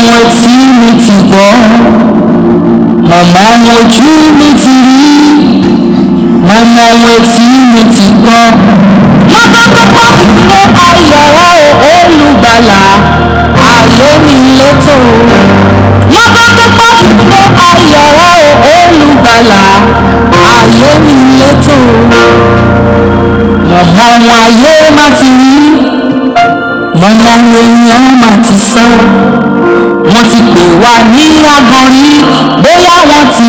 wọn tí mo ti gbọ́ màmá wọn tí mo ti rí màmá wọn tí mo ti gbọ́. lọ́dún tó pọ̀ nínú ayọ̀rá olùgbàlà ààyè mi létò. lọ́dún tó pọ̀ nínú ayọ̀rá olùgbàlà ààyè mi létò. màmá wọn ayé má ti rí màmá wọn ènìyàn má ti sọ wọ́n ti pè wá ní agọrin bóyá wọ́n ti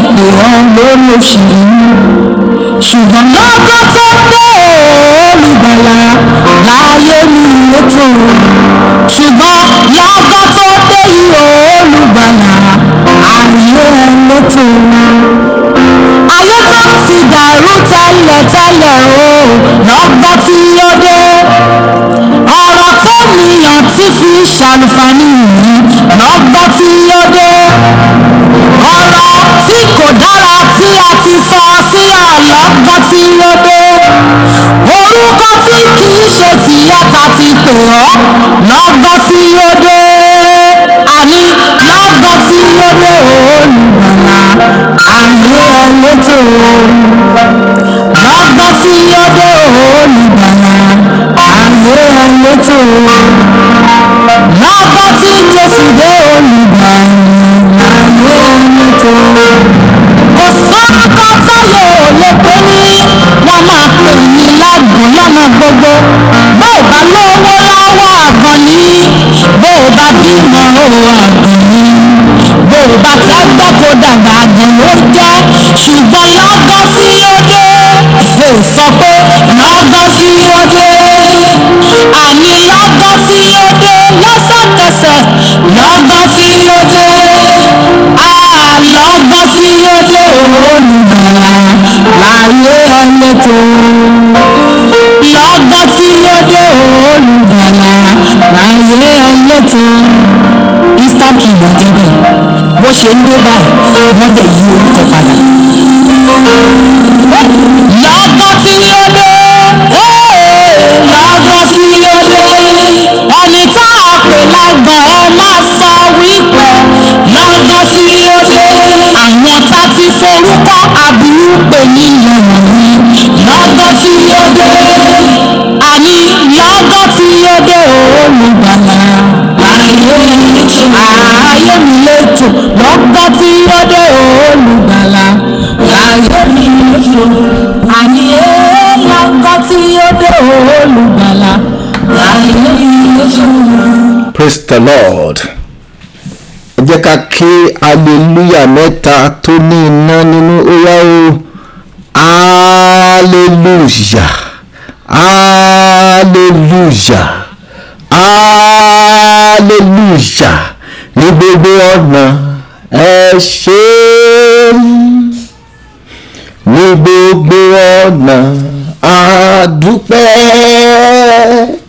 pè ọ́ lórí oṣù yìí ṣùgbọ́n lọ́kọ́ tó pé olùgbàlà láyé mi ètò ṣùgbọ́n lọ́kọ́ tó pé ìhò olùgbàlà ayé ètò ayé tó ti dàrú tẹ́lẹ̀ tẹ́lẹ̀ o lọ́gbọ́n tí ó dé ọ̀rọ̀ tẹ́nìyàn tí fi ń ṣàǹfààní yìí lọ́gbọ́n tí yóò dé ọ̀rọ̀ tí kò dára tí a ti sọ sílẹ̀ lọ́gbọ́n tí yóò dé orúkọ tí kì í ṣe tìyẹ ta ti pè ọ́ lọ́gbọ́n tí yóò dé àní lọ́gbọ́n tí yóò dé olùgbàlà àmì ọ̀wọ́ tó lọ́gbọ́n tí yóò dé olùgbàlà ìgbéra létí wọn. lọ́jọ́ tí jésù dé olùgbàlà ayé ẹni tó. kò sẹ́nu kan táyé ò lè pé ní wọ́n máa pè ní lágùn lọ́nà gbogbo. bó o bá lówó lọ́wọ́ àgàn ní bó o bá bímọ òun àgàn ní bó o bá tẹ́gbọ́ tó dàgbà àgàn ló jẹ́ ṣùgbọ́n lọ́gọ́ sí ọdẹ. mo sọ pé lọ́gọ́ sí ọdẹ àní lọ́gán sí lóde lọ́sọ̀kẹsẹ̀ lọ́gán sí lóde àlọ́gán sí lóde olùgbàlà láyé ọmọ tó lọ́gán sí lóde olùgbàlà láyé ọmọ tó instant kingdom débẹ̀ bó ṣe ń dé báyìí wọ́n lè yí orúkọ padà lọ́gán sí lóde. orúkọ àbúrúgbè ní yìnyín lọ́dọ̀ tí yóò dé àní lọ́dọ̀ tí yóò dé olùgbàlà ààyè mi ààyè mi lẹ́jọ́ lọ́dọ̀ tí yóò dé olùgbàlà ààyè mi lẹ́jọ́ àní lọ́dọ̀ tí yóò dé olùgbàlà ààyè mi lẹ́jọ́. Praise the Lord jẹ́ ká ké aleluya mẹ́ta tó ní iná nínú ó yá o aleluya aleluya aleluya ní gbogbo ọ̀nà ẹ ṣé ní gbogbo ọ̀nà a dúpẹ́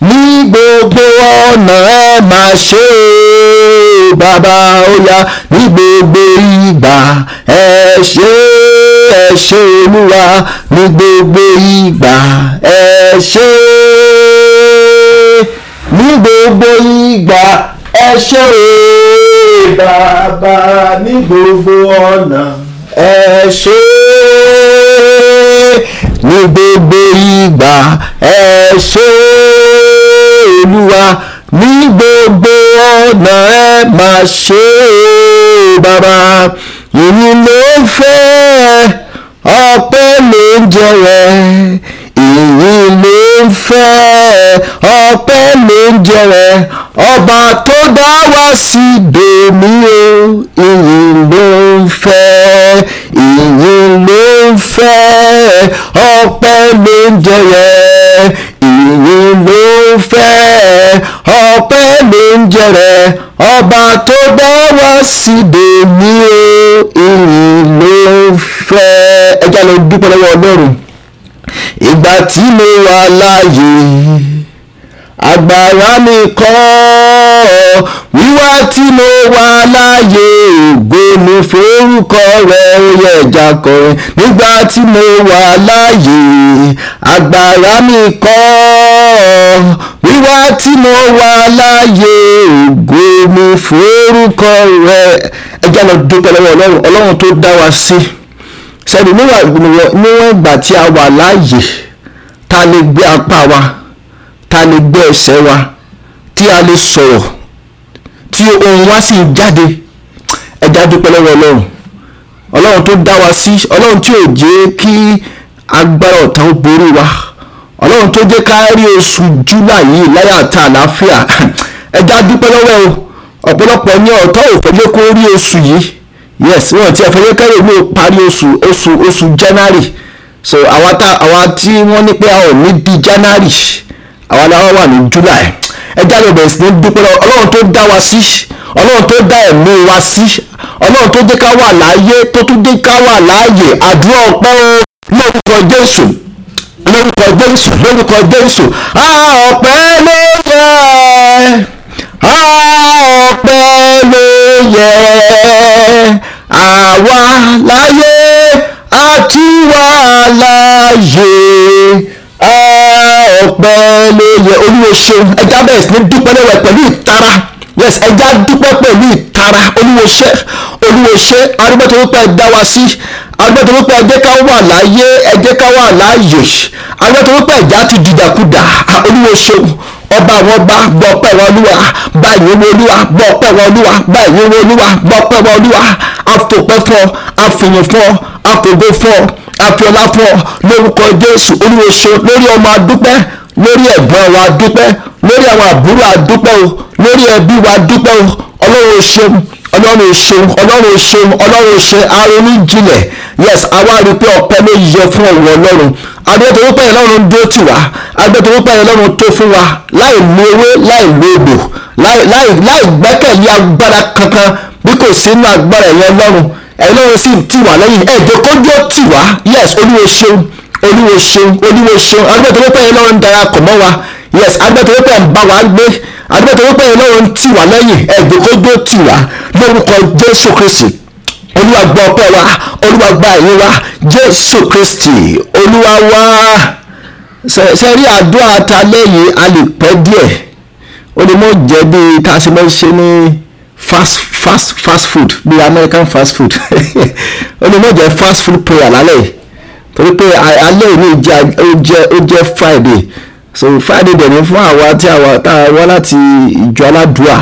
ní gbogbo ọ̀nà ẹ máa ṣe é bàbá ọ̀yà ní gbogbo ìgbà ẹ ṣe é ẹ ṣe olúwa ní gbogbo ìgbà ẹ ṣe ní gbogbo ìgbà ẹ ṣe bàbá ní gbogbo ọ̀nà ẹ ṣe ní gbogbo ìgbà ẹ ṣe olúwa ní gbogbo ọ̀nà ẹ máa ṣe é bàbá èyí ló ń fẹ́ ọpẹ́ ló ń jẹrẹ èyí ló ń fẹ́ ọpẹ́ ló ń jẹrẹ ọba tó dá wá sí dòmí o èyí ló ń fẹ́ èyí ló ń fẹ́ ọpẹ́ ló ń jẹrẹ ìyìn ló fẹ́ ọpẹ́ ló ń jẹrẹ ọba tó dá wá síde ní o ìyìn ló fẹ́ ẹja lọ dúpẹ́ lọ́wọ́ ọlọ́run ìgbà tí mo wà láàyè agbára mi kọ́ wíwá tí mo wà láàyè ògo ni forúkọ rẹ̀ oyè ẹja kọrin nígbà tí mo wà láàyè agbára mi kọ́ wíwá tí mo wà láàyè ògo mo forúkọ rẹ ẹjẹ́ lọ dúpẹ́ lọ́wọ́ ọlọ́run ọlọ́run tó dá wa sí sẹ́ni níwọ̀n ìgbà tí a wà láàyè ta lè gbé apá wa ta lè gbé ẹsẹ̀ wa tí a lè sọ̀rọ̀ tí ohun wa sì jáde ẹja dúpẹ́ lọ́wọ́ ọlọ́run ọlọ́run tó dá wa sí ọlọ́run tí ò jẹ́ kí agbára ọ̀tá ó borí wa ọlọ́run tó jẹ́ ká rí oṣù july yìí láyà àti àlàáfíà ẹja dúpẹ́ lọ́wọ́ o ọ̀pọ̀lọpọ̀ ní ọ̀tọ́ òfẹ́lẹ́ kó rí oṣù yìí yes wọn ti ẹ̀fọ́lẹ́ kẹ́rẹ́ mi ò parí oṣù oṣù oṣù january so àwa tá àwa tí wọ́n ní pé a ò ní di january àwa làwọn wà ní july ẹja lọ bẹ̀rẹ̀ sí ní dúpẹ́ lọ́wọ́ ọlọ́run tó dá wa sí ọlọ́run tó dá ẹ̀mí wa sí ọlọ́run tó jẹ́ ká wà láàyè tó tún jẹ́ ká wà láàyè àdúrà ọ̀pẹ́ lórúkọ jésù lórúkọ jésù lórúkọ jésù ọpẹ́ ló yẹ ọpẹ́ ló yẹ àwa láyé àti wà láyé ọpẹ́ ló yẹ olúwo ṣeun ẹja bẹ̀rẹ̀ sí ní dúpẹ́ lọ́wọ́ pẹ̀lú ìtara yes ẹja dúpẹ́ pẹ̀lú ìtara olúwo ṣeun olúwo ṣe arúgbó tó wípé ẹ dá wa sí arúgbó tó wípé ẹ jẹ́ ká wà láàyè ẹ jẹ́ ká wà láàyè arúgbó tó wípé ẹ̀já ti dìdàkudà olúwo ṣeun ọba àwọn ọba gbọ́ pẹ́ wọn olúwa báyìí owó olúwa gbọ́ pẹ́ wọn olúwa báyìí owó olúwa gbọ́ pẹ́ wọn olúwa afọpẹ́ fún ọ afìyàn fún ọ afògo fún ọ afiola fún ọ lórúkọ jésù olúwo lórí ọmọ adúpẹ́ lórí ẹ̀gbọ́n wa adúpẹ́ lórí àwọn àbúrò adúpẹ́ o lórí ẹbí wa adúpẹ́ o ọlọ́run ṣeun ọlọ́run ò ṣeun ọlọ́run ò ṣeun ọlọ́run ò ṣe aronú jinlẹ̀ yes àwa rí i pé ọpẹ́ ló yẹ fún ọ̀wọ̀ ọlọ́run adétorí pẹ́yìn lọ́run dé tì wá adétorí pẹ́yìn lọ́run tó fún wa láì lo owó láì lo ògbò láì gbẹ́kẹ̀lé agbára kankan bí kò sí inú agbára ẹ̀yẹ ọlọ́run ẹ̀yìn lọ́run sì tì wá lẹ́yìn ẹ̀jẹ̀ kó dé tì wá yes olúwo ṣeun olúwo ṣeun olúwo ṣeun adétorí pẹ́yìn lọ́run darapọ̀ mọ́ wa yes adétorí pẹ́yìn bá wa gbé àdúgbò tó wípé ọlọ́run tì wá lẹ́yìn ẹ̀gbẹ́kógbó tì wá lórúkọ jésù kristi olúwa gbọ́ ọpẹ́ wa olúwa gba ìyìn wa jésù kristi olúwa wá sẹ́rí àdúrà ta lẹ́yìn a lè pẹ́ díẹ̀ ó lè mọ̀ jẹ́ bí tá a ṣe mọ̀ ṣe ní fast fast fast food bí american fast food ó lè mọ̀ jẹ́ fast food prayer lálẹ́ torí pé alẹ́ òní ó jẹ́ friday so friday dẹ̀ ní fún àwa tí àwa tá a wá láti ìjọ aládùúà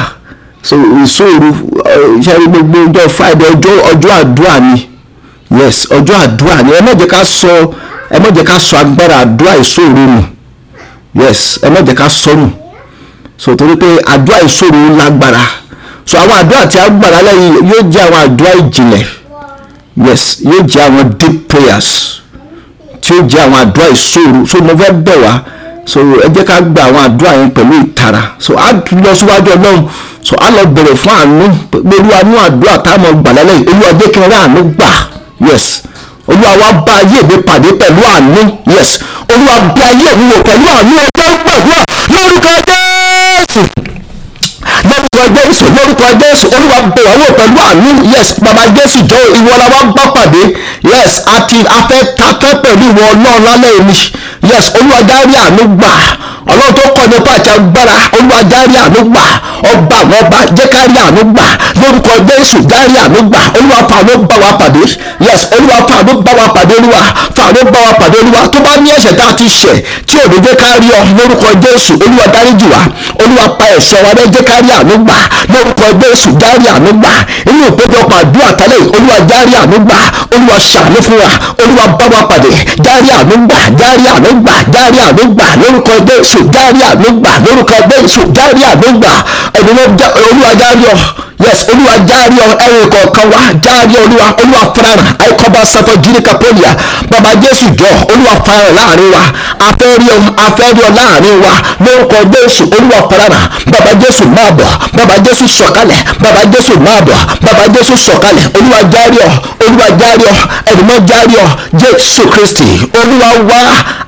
so ìṣòro eh, ṣe gbogbo ọjọ́ friday ọjọ́ ọjọ́ àdúà ni yes ọjọ́ àdúà ni ẹ má jẹ́ ká sọ ẹ má jẹ́ ká sọ agbára àdúà ìṣòro nù yes ẹ má jẹ́ ká sọ nù so torí pé àdúà ìṣòro lágbára so àwọn àdúà tí a gbàrà lẹ́yìn yóò jẹ́ àwọn àdúà ìjìnlẹ̀ yes yóò jẹ́ àwọn deep prayers tí yóò jẹ́ àwọn àdúà ìṣòro so mo fẹ́ bẹ̀ wá so ẹ jẹ́ ká gba àwọn àdúrà yẹn pẹ̀lú ìtara so a lọ síwájú ọlọ́run so a lọ bẹ̀rẹ̀ fún àánú olúwa ní àdúrà táwọn gbà lálẹ́ yìí olúwa jẹ́ kí n rí àánú gbà yes olúwa wá bá ayé mi pàdé pẹ̀lú àánú yes olúwa bá ayé mi wò pẹ̀lú àánú ọjọ́ gbàdúrà lórúkọ jésù lórúkọ jésù lórúkọ jésù olúwa bá ayé mi pẹ̀lú àánú yes bàbá jésù jọ ìwọ la wá bá pàdé yes àti afẹ́ takẹ́ pẹ̀lú ìwọ ọlọ́run lálẹ́ yìí yes olúwa dárí àánú gbà ọlọ́run tó kọ́ nípa àti agbára olúwa dárí àánú gbà ọba àwọn ọba jẹ́kárí àánú gbà lórúkọ jésù dárí àánú gbà olúwa fàánú bá wa pàdé yes olúwa fàánú bá wa pàdé olúwa fàánú bá wa pàdé olúwa tó bá ní ẹ̀ṣẹ̀ tá a ti ṣẹ̀ tí ò ní jẹ́kárí ọ lórúkọ jésù olúwa dárí jì wá olúwa pa ẹ̀ṣẹ̀ wa jẹ́kárí àánú gbà lórúkọ jésù dárí àánú gbà inú ìpéjọpọ̀ àdúrà jésù dárí àlógbà lórúkọ jésù dárí àlógbà olúwa dárí ọ yes olúwa dárí ọ ẹ̀rìn kọ̀ọ̀kan wá dárí olúwa olúwa farahàn àìkọ́bá sọ́tọ̀ jírí kápẹ́lìà bàbá jésù jọ olúwa farahàn láàrin wa afẹ́rí ọ afẹ́rí ọ láàrin wa lórúkọ jésù olúwa farahàn bàbá jésù máa bọ̀ bàbá jésù sọ̀kalẹ̀ bàbá jésù máa bọ̀ bàbá jésù sọ̀kalẹ̀ olúwa dárí ọ olúwa dárí ọ ẹ̀rìmọ́ dárí ọ jésù kristi olúwa wá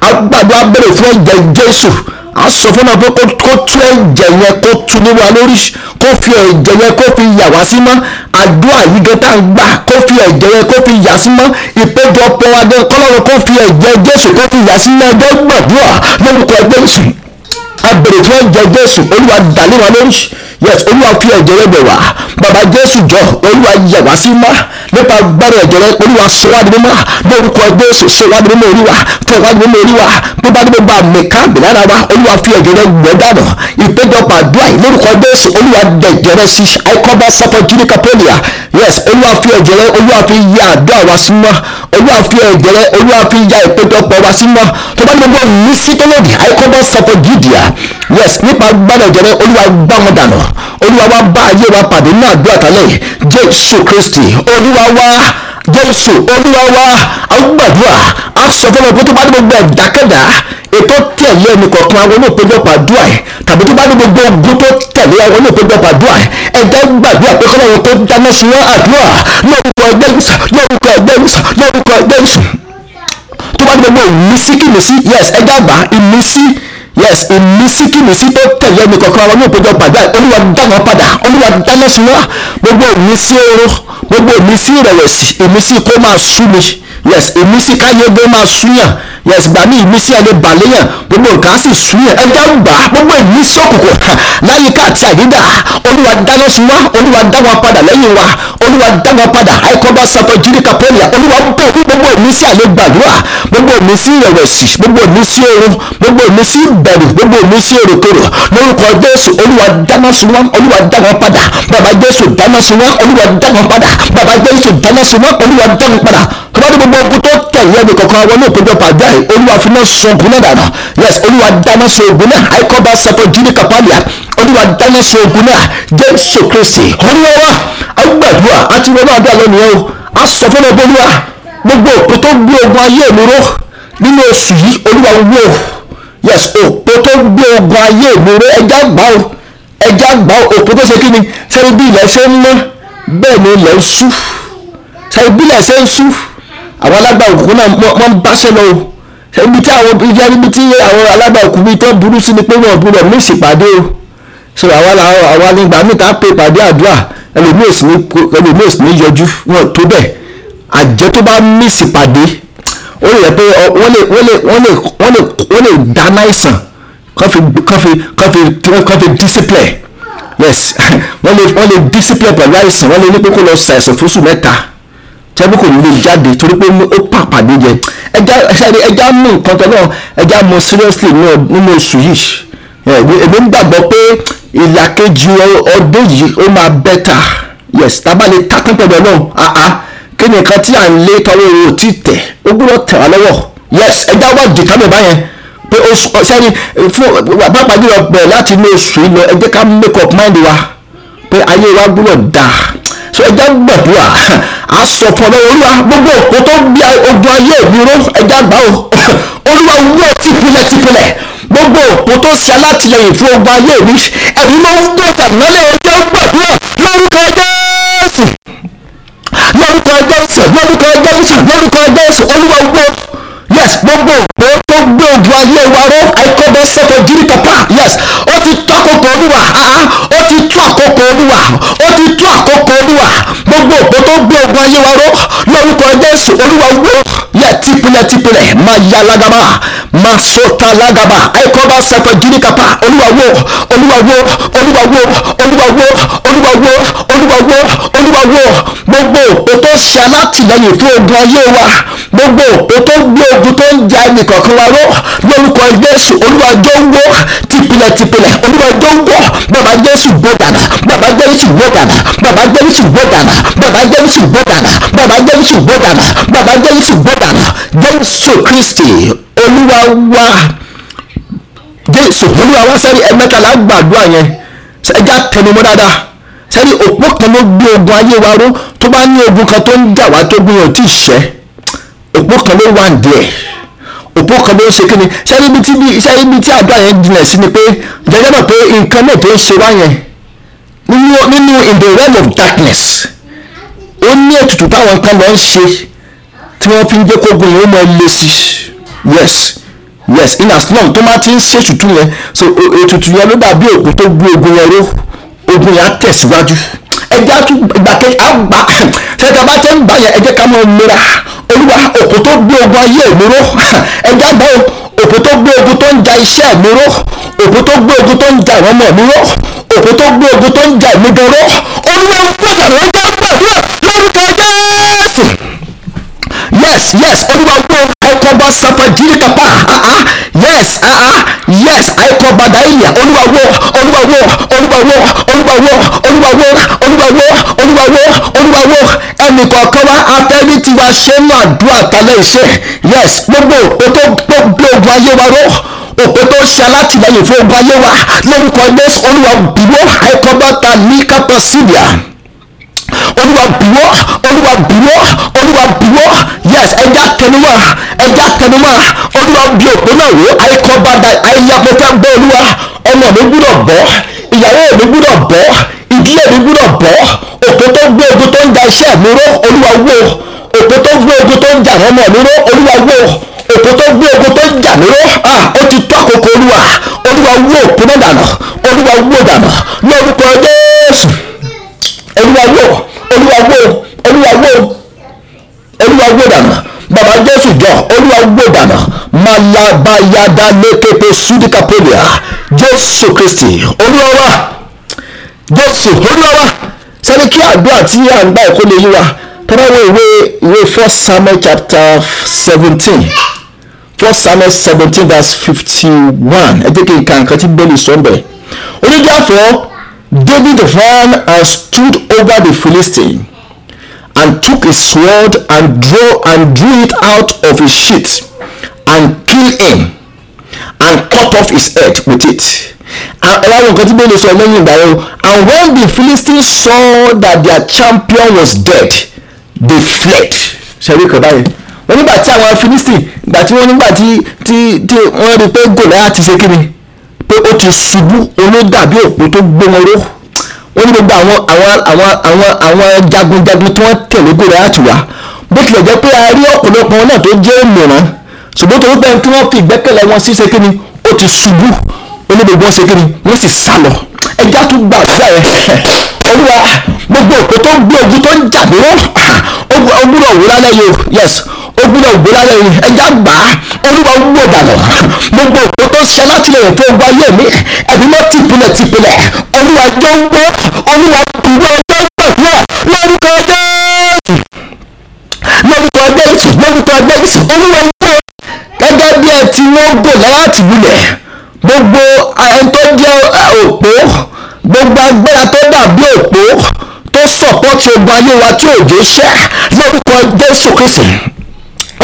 agbàdo abẹ́rẹ́ fún ẹ̀jẹ̀ jésù a sọ fún náà pé kó tú ẹ̀jẹ̀ yẹn kó tu níwa lórí kó fi ẹ̀jẹ̀ yẹn kó fi yà wá sí mọ́ àdúrà yìí gan tá à ń gbà kó fi ẹ̀jẹ̀ yẹn kó fi yà sí mọ́ ìpéjọpọ̀ adé kọ́lọ́run kó fi ẹ̀jẹ̀ jésù kó fi yà sí mọ́ ẹgbẹ́ gbàdúrà lórúkọ ẹgbẹ́ ìsìn abèrè tí wọ́n ń jẹ jésù olúwa dàlí wọn lórí yes olúwa fi ẹ̀jẹ̀ rẹ̀ bẹ̀ wá bàbá jésù jọ olúwa yẹ̀ wá sí mọ́ nípa agbára ẹ̀jẹ̀ rẹ̀ olúwa sọ̀wádìí mímọ́ lórúkọ jésù sọ̀wádìí mímọ́ olúwa tọ̀wádìí mímọ́ olúwa bí bá ní gbogbo àmì káàbì lára wa olúwa fi ẹ̀jẹ̀ rẹ̀ gbẹ̀ dànù ìpéjọpọ̀ àdúrà yìí lórúkọ jésù olúwa dẹ̀jẹ̀ rẹ̀ sí àìkọ́bá sọ́kọ̀ jíríkà pọ́nìyà yes olúwa fi ẹ̀jẹ̀ rẹ olúwa fi ya àdúrà wa símọ́ olúwa fi ẹ̀jẹ̀ rẹ olúwa fi ya ìpéjọpọ̀ wa símọ́ tó bá gbogbo mi sí kẹ́lẹ́dì àìkọ́bọ̀ sọ̀kọ̀ gídìá yes nípa gbàdọ̀ ẹ̀jẹ̀ rẹ olúwa gbà wọn dànù olúwa wa bá ayé wa pàdé ní àdúrà tálẹ̀ jésù kristi olúwa wa jésù olúwa wa a gbàdúrà a sọ fún ọmọ tó bá ní gbogbo ẹ̀dákẹ́dá ètò tẹ̀lé ẹni kọ̀ọ̀kan àwọn olùpẹ̀jọpọ̀ àdúrà ẹ̀ tàbí tó bá ní gbogbo ogun tó tẹ̀lé àwọn olùpẹ̀jọpọ̀ àdúrà ẹ̀ ẹ̀dá gbàdúrà pé kọ́lá wọn kó dáná sun wọn àdúrà lórúkọ ẹgbẹ́ lórúkọ ẹgbẹ́ lórúkọ ẹgbẹ́ tó bá ní gbogbo ìmísí kìmísí yes ẹ̀dá àgbà ìmísí yes ìmísí kìmísí tó tẹ̀lé ẹni kọ̀ọ̀kan wọn ní òpéjọ gbàdúrà olúwa dá wọn padà olúwa dáná sun wá gbogbo ìmísí oró gbogbo ìmísí ìrẹ̀wẹ̀sì ìmísí kó máa sú mi yes ìmísí káyé gbé máa súyàn yẹsì gbà mí ìmísí ẹni bàléyàn gbogbo nǹkan á sì súyàn ẹjọ́ gbà gbogbo ìmísí òkùnkùn láyìíká àti àyídà olúwa dáná sun wá olúwa dá wa padà lẹ́yìn wa olúwa dá wa padà àìkọ́bá sapọ̀ jíríkà pẹ́ẹ́lì olúwa bọ̀ wí gbogbo ìmísí àlẹ́ gbàdúrà gbogbo ìmísí ìrẹ̀wẹ̀sì gbogbo ìmísí oorun gbogbo ìmísí ìbẹ̀rù gbogbo ìmísí èrèkèrè lórúkọ jésù olúwa dáná sun wá olúwa dá wa padà bàbá jésù dáná sun wá olúwa dá wa padà bàbá jésù dáná sun wá olúwa dá wa padà tọ́ba ní gbogbo ogun tó tẹ̀lé ẹnì kọ̀ọ̀kan wọlé òkúńjọpọ̀ àdúrà báyìí olúwa finá sọ̀gùn náà dànù yes olúwa dáná sí ogun náà àìkọ́ba sẹ́kọ̀ jíní kàpálíà olúwa dáná sí ogun náà jésù kristi olúwa wa àwọn àti wọnú àdúrà lónìí o a sọ fún ọgbẹ́ olúwa gbogbo òpó tó gbé ogun ayé mi ró nínú oṣù yìí olúwa wó yes òpó tó gbé ogun ayé mi ró ẹja gbà o ẹja gbà o òpó tó ṣe kí ni sẹ́ni bí ilẹ̀ ṣe ń mọ́ bẹ́ẹ̀ ni ilẹ̀ ń ṣú sẹ́ni bí ilẹ̀ ṣe ń ṣú àwọn alágbàá òkú náà wọ́n ń báṣẹ́ lọ o ẹbí tí àwọn ibi ẹbí tí àwọn alábàákú bíi tán burú sí ni pé wọn burú ẹ mí ìsìpàdé o so àwa làwọn àwa nígbà míì tá a pè pàdé àdúrà ẹlòmíì ò sì ní ẹlòmíì ò sì ní yọjú wọn tó bẹ́ẹ̀ àjẹ́ tó bá mí ìsìpàdé ó lè yẹ pé wọ́n lè wọ́n lè wọ́n lè wọ́n lè wọ́n lè dáná ìsàn kán fi kán fi kán fi kán fi discipline yes wọ́n lè wọ́n lè discipline pẹ̀lú àìsàn wọ́n lè ní pé kó lọ ṣàìsàn fóṣù mẹ́ta ṣebí kò ní lè jáde torí pé ó pàpàdé jẹ ẹja ṣẹ́ni ẹja mú nǹkan tó náà ẹja mú seriously nínú oṣù yìí èmi ń gbàgbọ́ pé ìlàkejì ọdún yìí ó máa bẹ́tà yes tábà lè takún pẹ̀lú ọlọ́run àá kí ni nǹkan tí à ń lé tọ́wọ́ èrò tí tẹ̀ ó gbúdọ̀ tẹ̀ wá lọ́wọ́ yes ẹja wà dìtàmì báyẹn pé oṣù sẹ́ni fún pàápàá jùlọ bẹ̀rẹ̀ láti inú oṣù yìí lọ ẹ jẹ́ ká make up mind wa pé ayé wa gbúdọ̀ dáa ṣé ẹja gbàdúrà a olúwa gbogbo òkú tó bí ogun ayé mi ró ẹja gbà ó olúwa wọ tìpilẹ̀ tìpilẹ̀ gbogbo òkú tó ṣe alátìlẹyìn fún ogun ayé mi ẹ̀mí ló ń wọ tàmílẹ̀ ẹja gbàdúrà lórúkọ jésù lórúkọ jésù lórúkọ jésù lórúkọ jésù olúwa wọ yes gbogbo òkú tó gbé ogun ayé wa ró ẹkọ bá sọtọ jírí pàpà yes ó ti tó ah, àkókò olúwa ó ti tó àkókò olúwa ó ti tó àkókò gbogbo òpó tó gbé ogun ayé wa ró lórúkọ jésù olúwa wó lẹ́tìpilẹ̀tìpilẹ̀ máa ya lágàbà máa sọ́ta lágàbà ẹ̀kọ́ bá sàtọ̀ kápá olúwa wó olúwa wó olúwa wó olúwa wó olúwa wó olùgbàgbọ́ olùgbàgbọ́ gbogbo òpó tó ṣe alátìlẹyìn fún ogun ayé wa gbogbo òpó tó gbé ogun tó ń ja ẹnìkọ̀ọ̀kan wa ró lórúkọ jésù olùwàjọ́ ń wó tìpìlẹ̀ tìpìlẹ̀ olùwàjọ́ ń wó bàbá jésù bó dàda bàbá jésù bó dàda bàbá jésù bó dàda bàbá jésù bó dàda bàbá jésù bó dàda bàbá jésù bó dàda jésù kristi olúwa wa jésù olúwa wa sẹ́yìn ẹ̀mẹ́ta la gbàdúrà yẹn ẹja tẹnumọ́ dáadáa sẹ́ni òpó kan ló gbé ogun ayé wa ró tó bá ní ogun kan tó ń jà wá tó gbé yàn tí ì ṣẹ́ òpó kan ló wà díẹ̀ òpó kan ló ń ṣe kíni sẹ́ni ibi tí sẹ́ni ibi tí àdúrà yẹn jinlẹ̀ sí ni pé jẹjẹ́ mọ̀ pé nǹkan náà tó ń ṣe wá yẹn nínú nínú in the realm of darkness ó ní ètùtù táwọn kan lọ ń ṣe tí wọ́n fi ń jẹ́ kógun yẹn ó mọ lé sí yes yes in as long tó máa ti ń ṣètùtù yẹn so ètùtù yẹn ló dàbí òkú tó gbé ogun yẹn ró ogun yà tẹ̀síwájú ẹjẹ́ àtún gbàkẹ́ àgbà tẹ́tà bá tẹ́ ń yẹn ẹjẹ́ ká máa lera olúwa òkú gbé ogun ayé ìmúró ẹjẹ́ àgbà òkú tó gbé ogun tó ń ja iṣẹ́ ìmúró òkú gbé ogun tó ń ja ìwọ́n mọ̀ ìmúró òkú gbé ogun tó ń ja ìmúdọ̀rọ̀ olúwa gbọ́dọ̀ rẹ̀ ẹjẹ́ gbàdúrà lórúkọ jésù yes yes olúwa gbọ́ ẹ̀kọ́ bá sàpàjì kápá ah, ah yes ah ah, ah. yes àìkọba dàílìà olúwawo olúwawo olúwawo olúwawo olúwawo olúwawo olúwawo olúwawo ẹnìkọ̀ọ̀kan wa afẹ́rí tiwa ṣé ní àdúrà tálẹ̀ ìṣe yes gbogbo òpó tó gbé ogun ayé wa ró òpó tó ṣe alátìlẹyìn fún ogun ayé wa lórúkọ yẹn olúwa dúró àìkọba ta ní kápásílìà olúwa dúró olúwa dúró olúwa dúró yes ẹja tẹnumọ́ ẹja tẹnumọ́ olúwa bí òpó náà wò àìkọ́ bàbá àìyàpẹ̀tà bọ́ olúwa ọmọ mi gbúdọ̀ bọ́ ìyàwó mi gbúdọ̀ bọ́ ìdílé mi gbúdọ̀ bọ́ òpó tó gbé ogun tó ń da iṣẹ́ mi ró olúwa wò òpó tó gbé ogun tó ń jà ọmọ mi ró olúwa wò òpó tó gbé ogun tó ń jà mí ró ó ti tó àkókò olúwa olúwa wó òpó náà dànù olúwa wó dànù ní orúkọ jésù olúwa wó olúwa wó olúwa wó olúwa wó dànù bàbá jésù jọ olúwa wó dànù malabayada lékepe sídìkàpẹ́lẹ́à jésù kristi olúwa wa jésù olúwa wa sẹ́ni kí àdúrà tí à ń gbà ẹ̀kọ́ lè yí wa tọ́lá wo ìwé ìwé first samuel chapter seventeen first samuel seventeen verse fifty one ẹ jẹ́ kí n ka nǹkan tí bẹ́ẹ̀ lè sọ ń bẹ̀ onídàáfọ́. David ran and uh, stood over the Philistine and took a sword and drew and drew it out of his sheath and killed him and cut off his head with it. and when the Philistines saw that their champion was dead they fled. Ṣẹ̀rí kan báyìí. Wọ́n nígbà tí àwọn Philistine gbà tí wọ́n nígbà tí tí wọ́n rí pé Gòlẹ́ àti ṣe kí ni? pé ó ti ṣubú olódàbí òkú tó gbóhun ró wọ́n ní gbogbo àwọn àwọn àwọn àwọn àwọn jagunjagun tí wọ́n tẹ̀lé Góríátù wá bó tilẹ̀ jẹ́ pé a rí ọ̀pọ̀lọpọ̀ wọn náà tó jẹ́ òmìrán ṣùgbọ́n torí bẹ́ẹ̀ tí wọ́n fi ìgbẹ́kẹ̀lé wọn sí ṣe kí ni ó ti ṣubú onígbogbo wọn ṣe kí ni wọ́n sì sá lọ ẹja tún gba àdúrà yẹn olúwa gbogbo òkú tó ń gbé ogun tó ń jà mí rán ogún ọ̀wúrọ̀ ah, òwúrọ̀ lẹ́yìn yes ó gbúdọ̀ gbé lára ẹ̀yìn ẹja gbà á olúwa wúwo dànù gbogbo òkú tó ṣe láti lè tó gba ayé mi ẹ̀mí mọ́ tìpìlẹ̀ tìpìlẹ̀ olúwa jẹ́ ń gbọ́ olúwa kúrú ọjọ́ gbàdúrà lórúkọ jésù lórúkọ jésù lórúkọ jésù olúwa wúwo gẹ́gẹ́ bí ẹ ti wọ́n gò láti wulẹ̀ gbogbo ẹni tó jẹ́ òpó gbogbo agbára tó dàbí òpó tó sọ̀pọ̀ tí ogun ayé wa tí òjò ṣẹ́ lórúkọ jésù kristu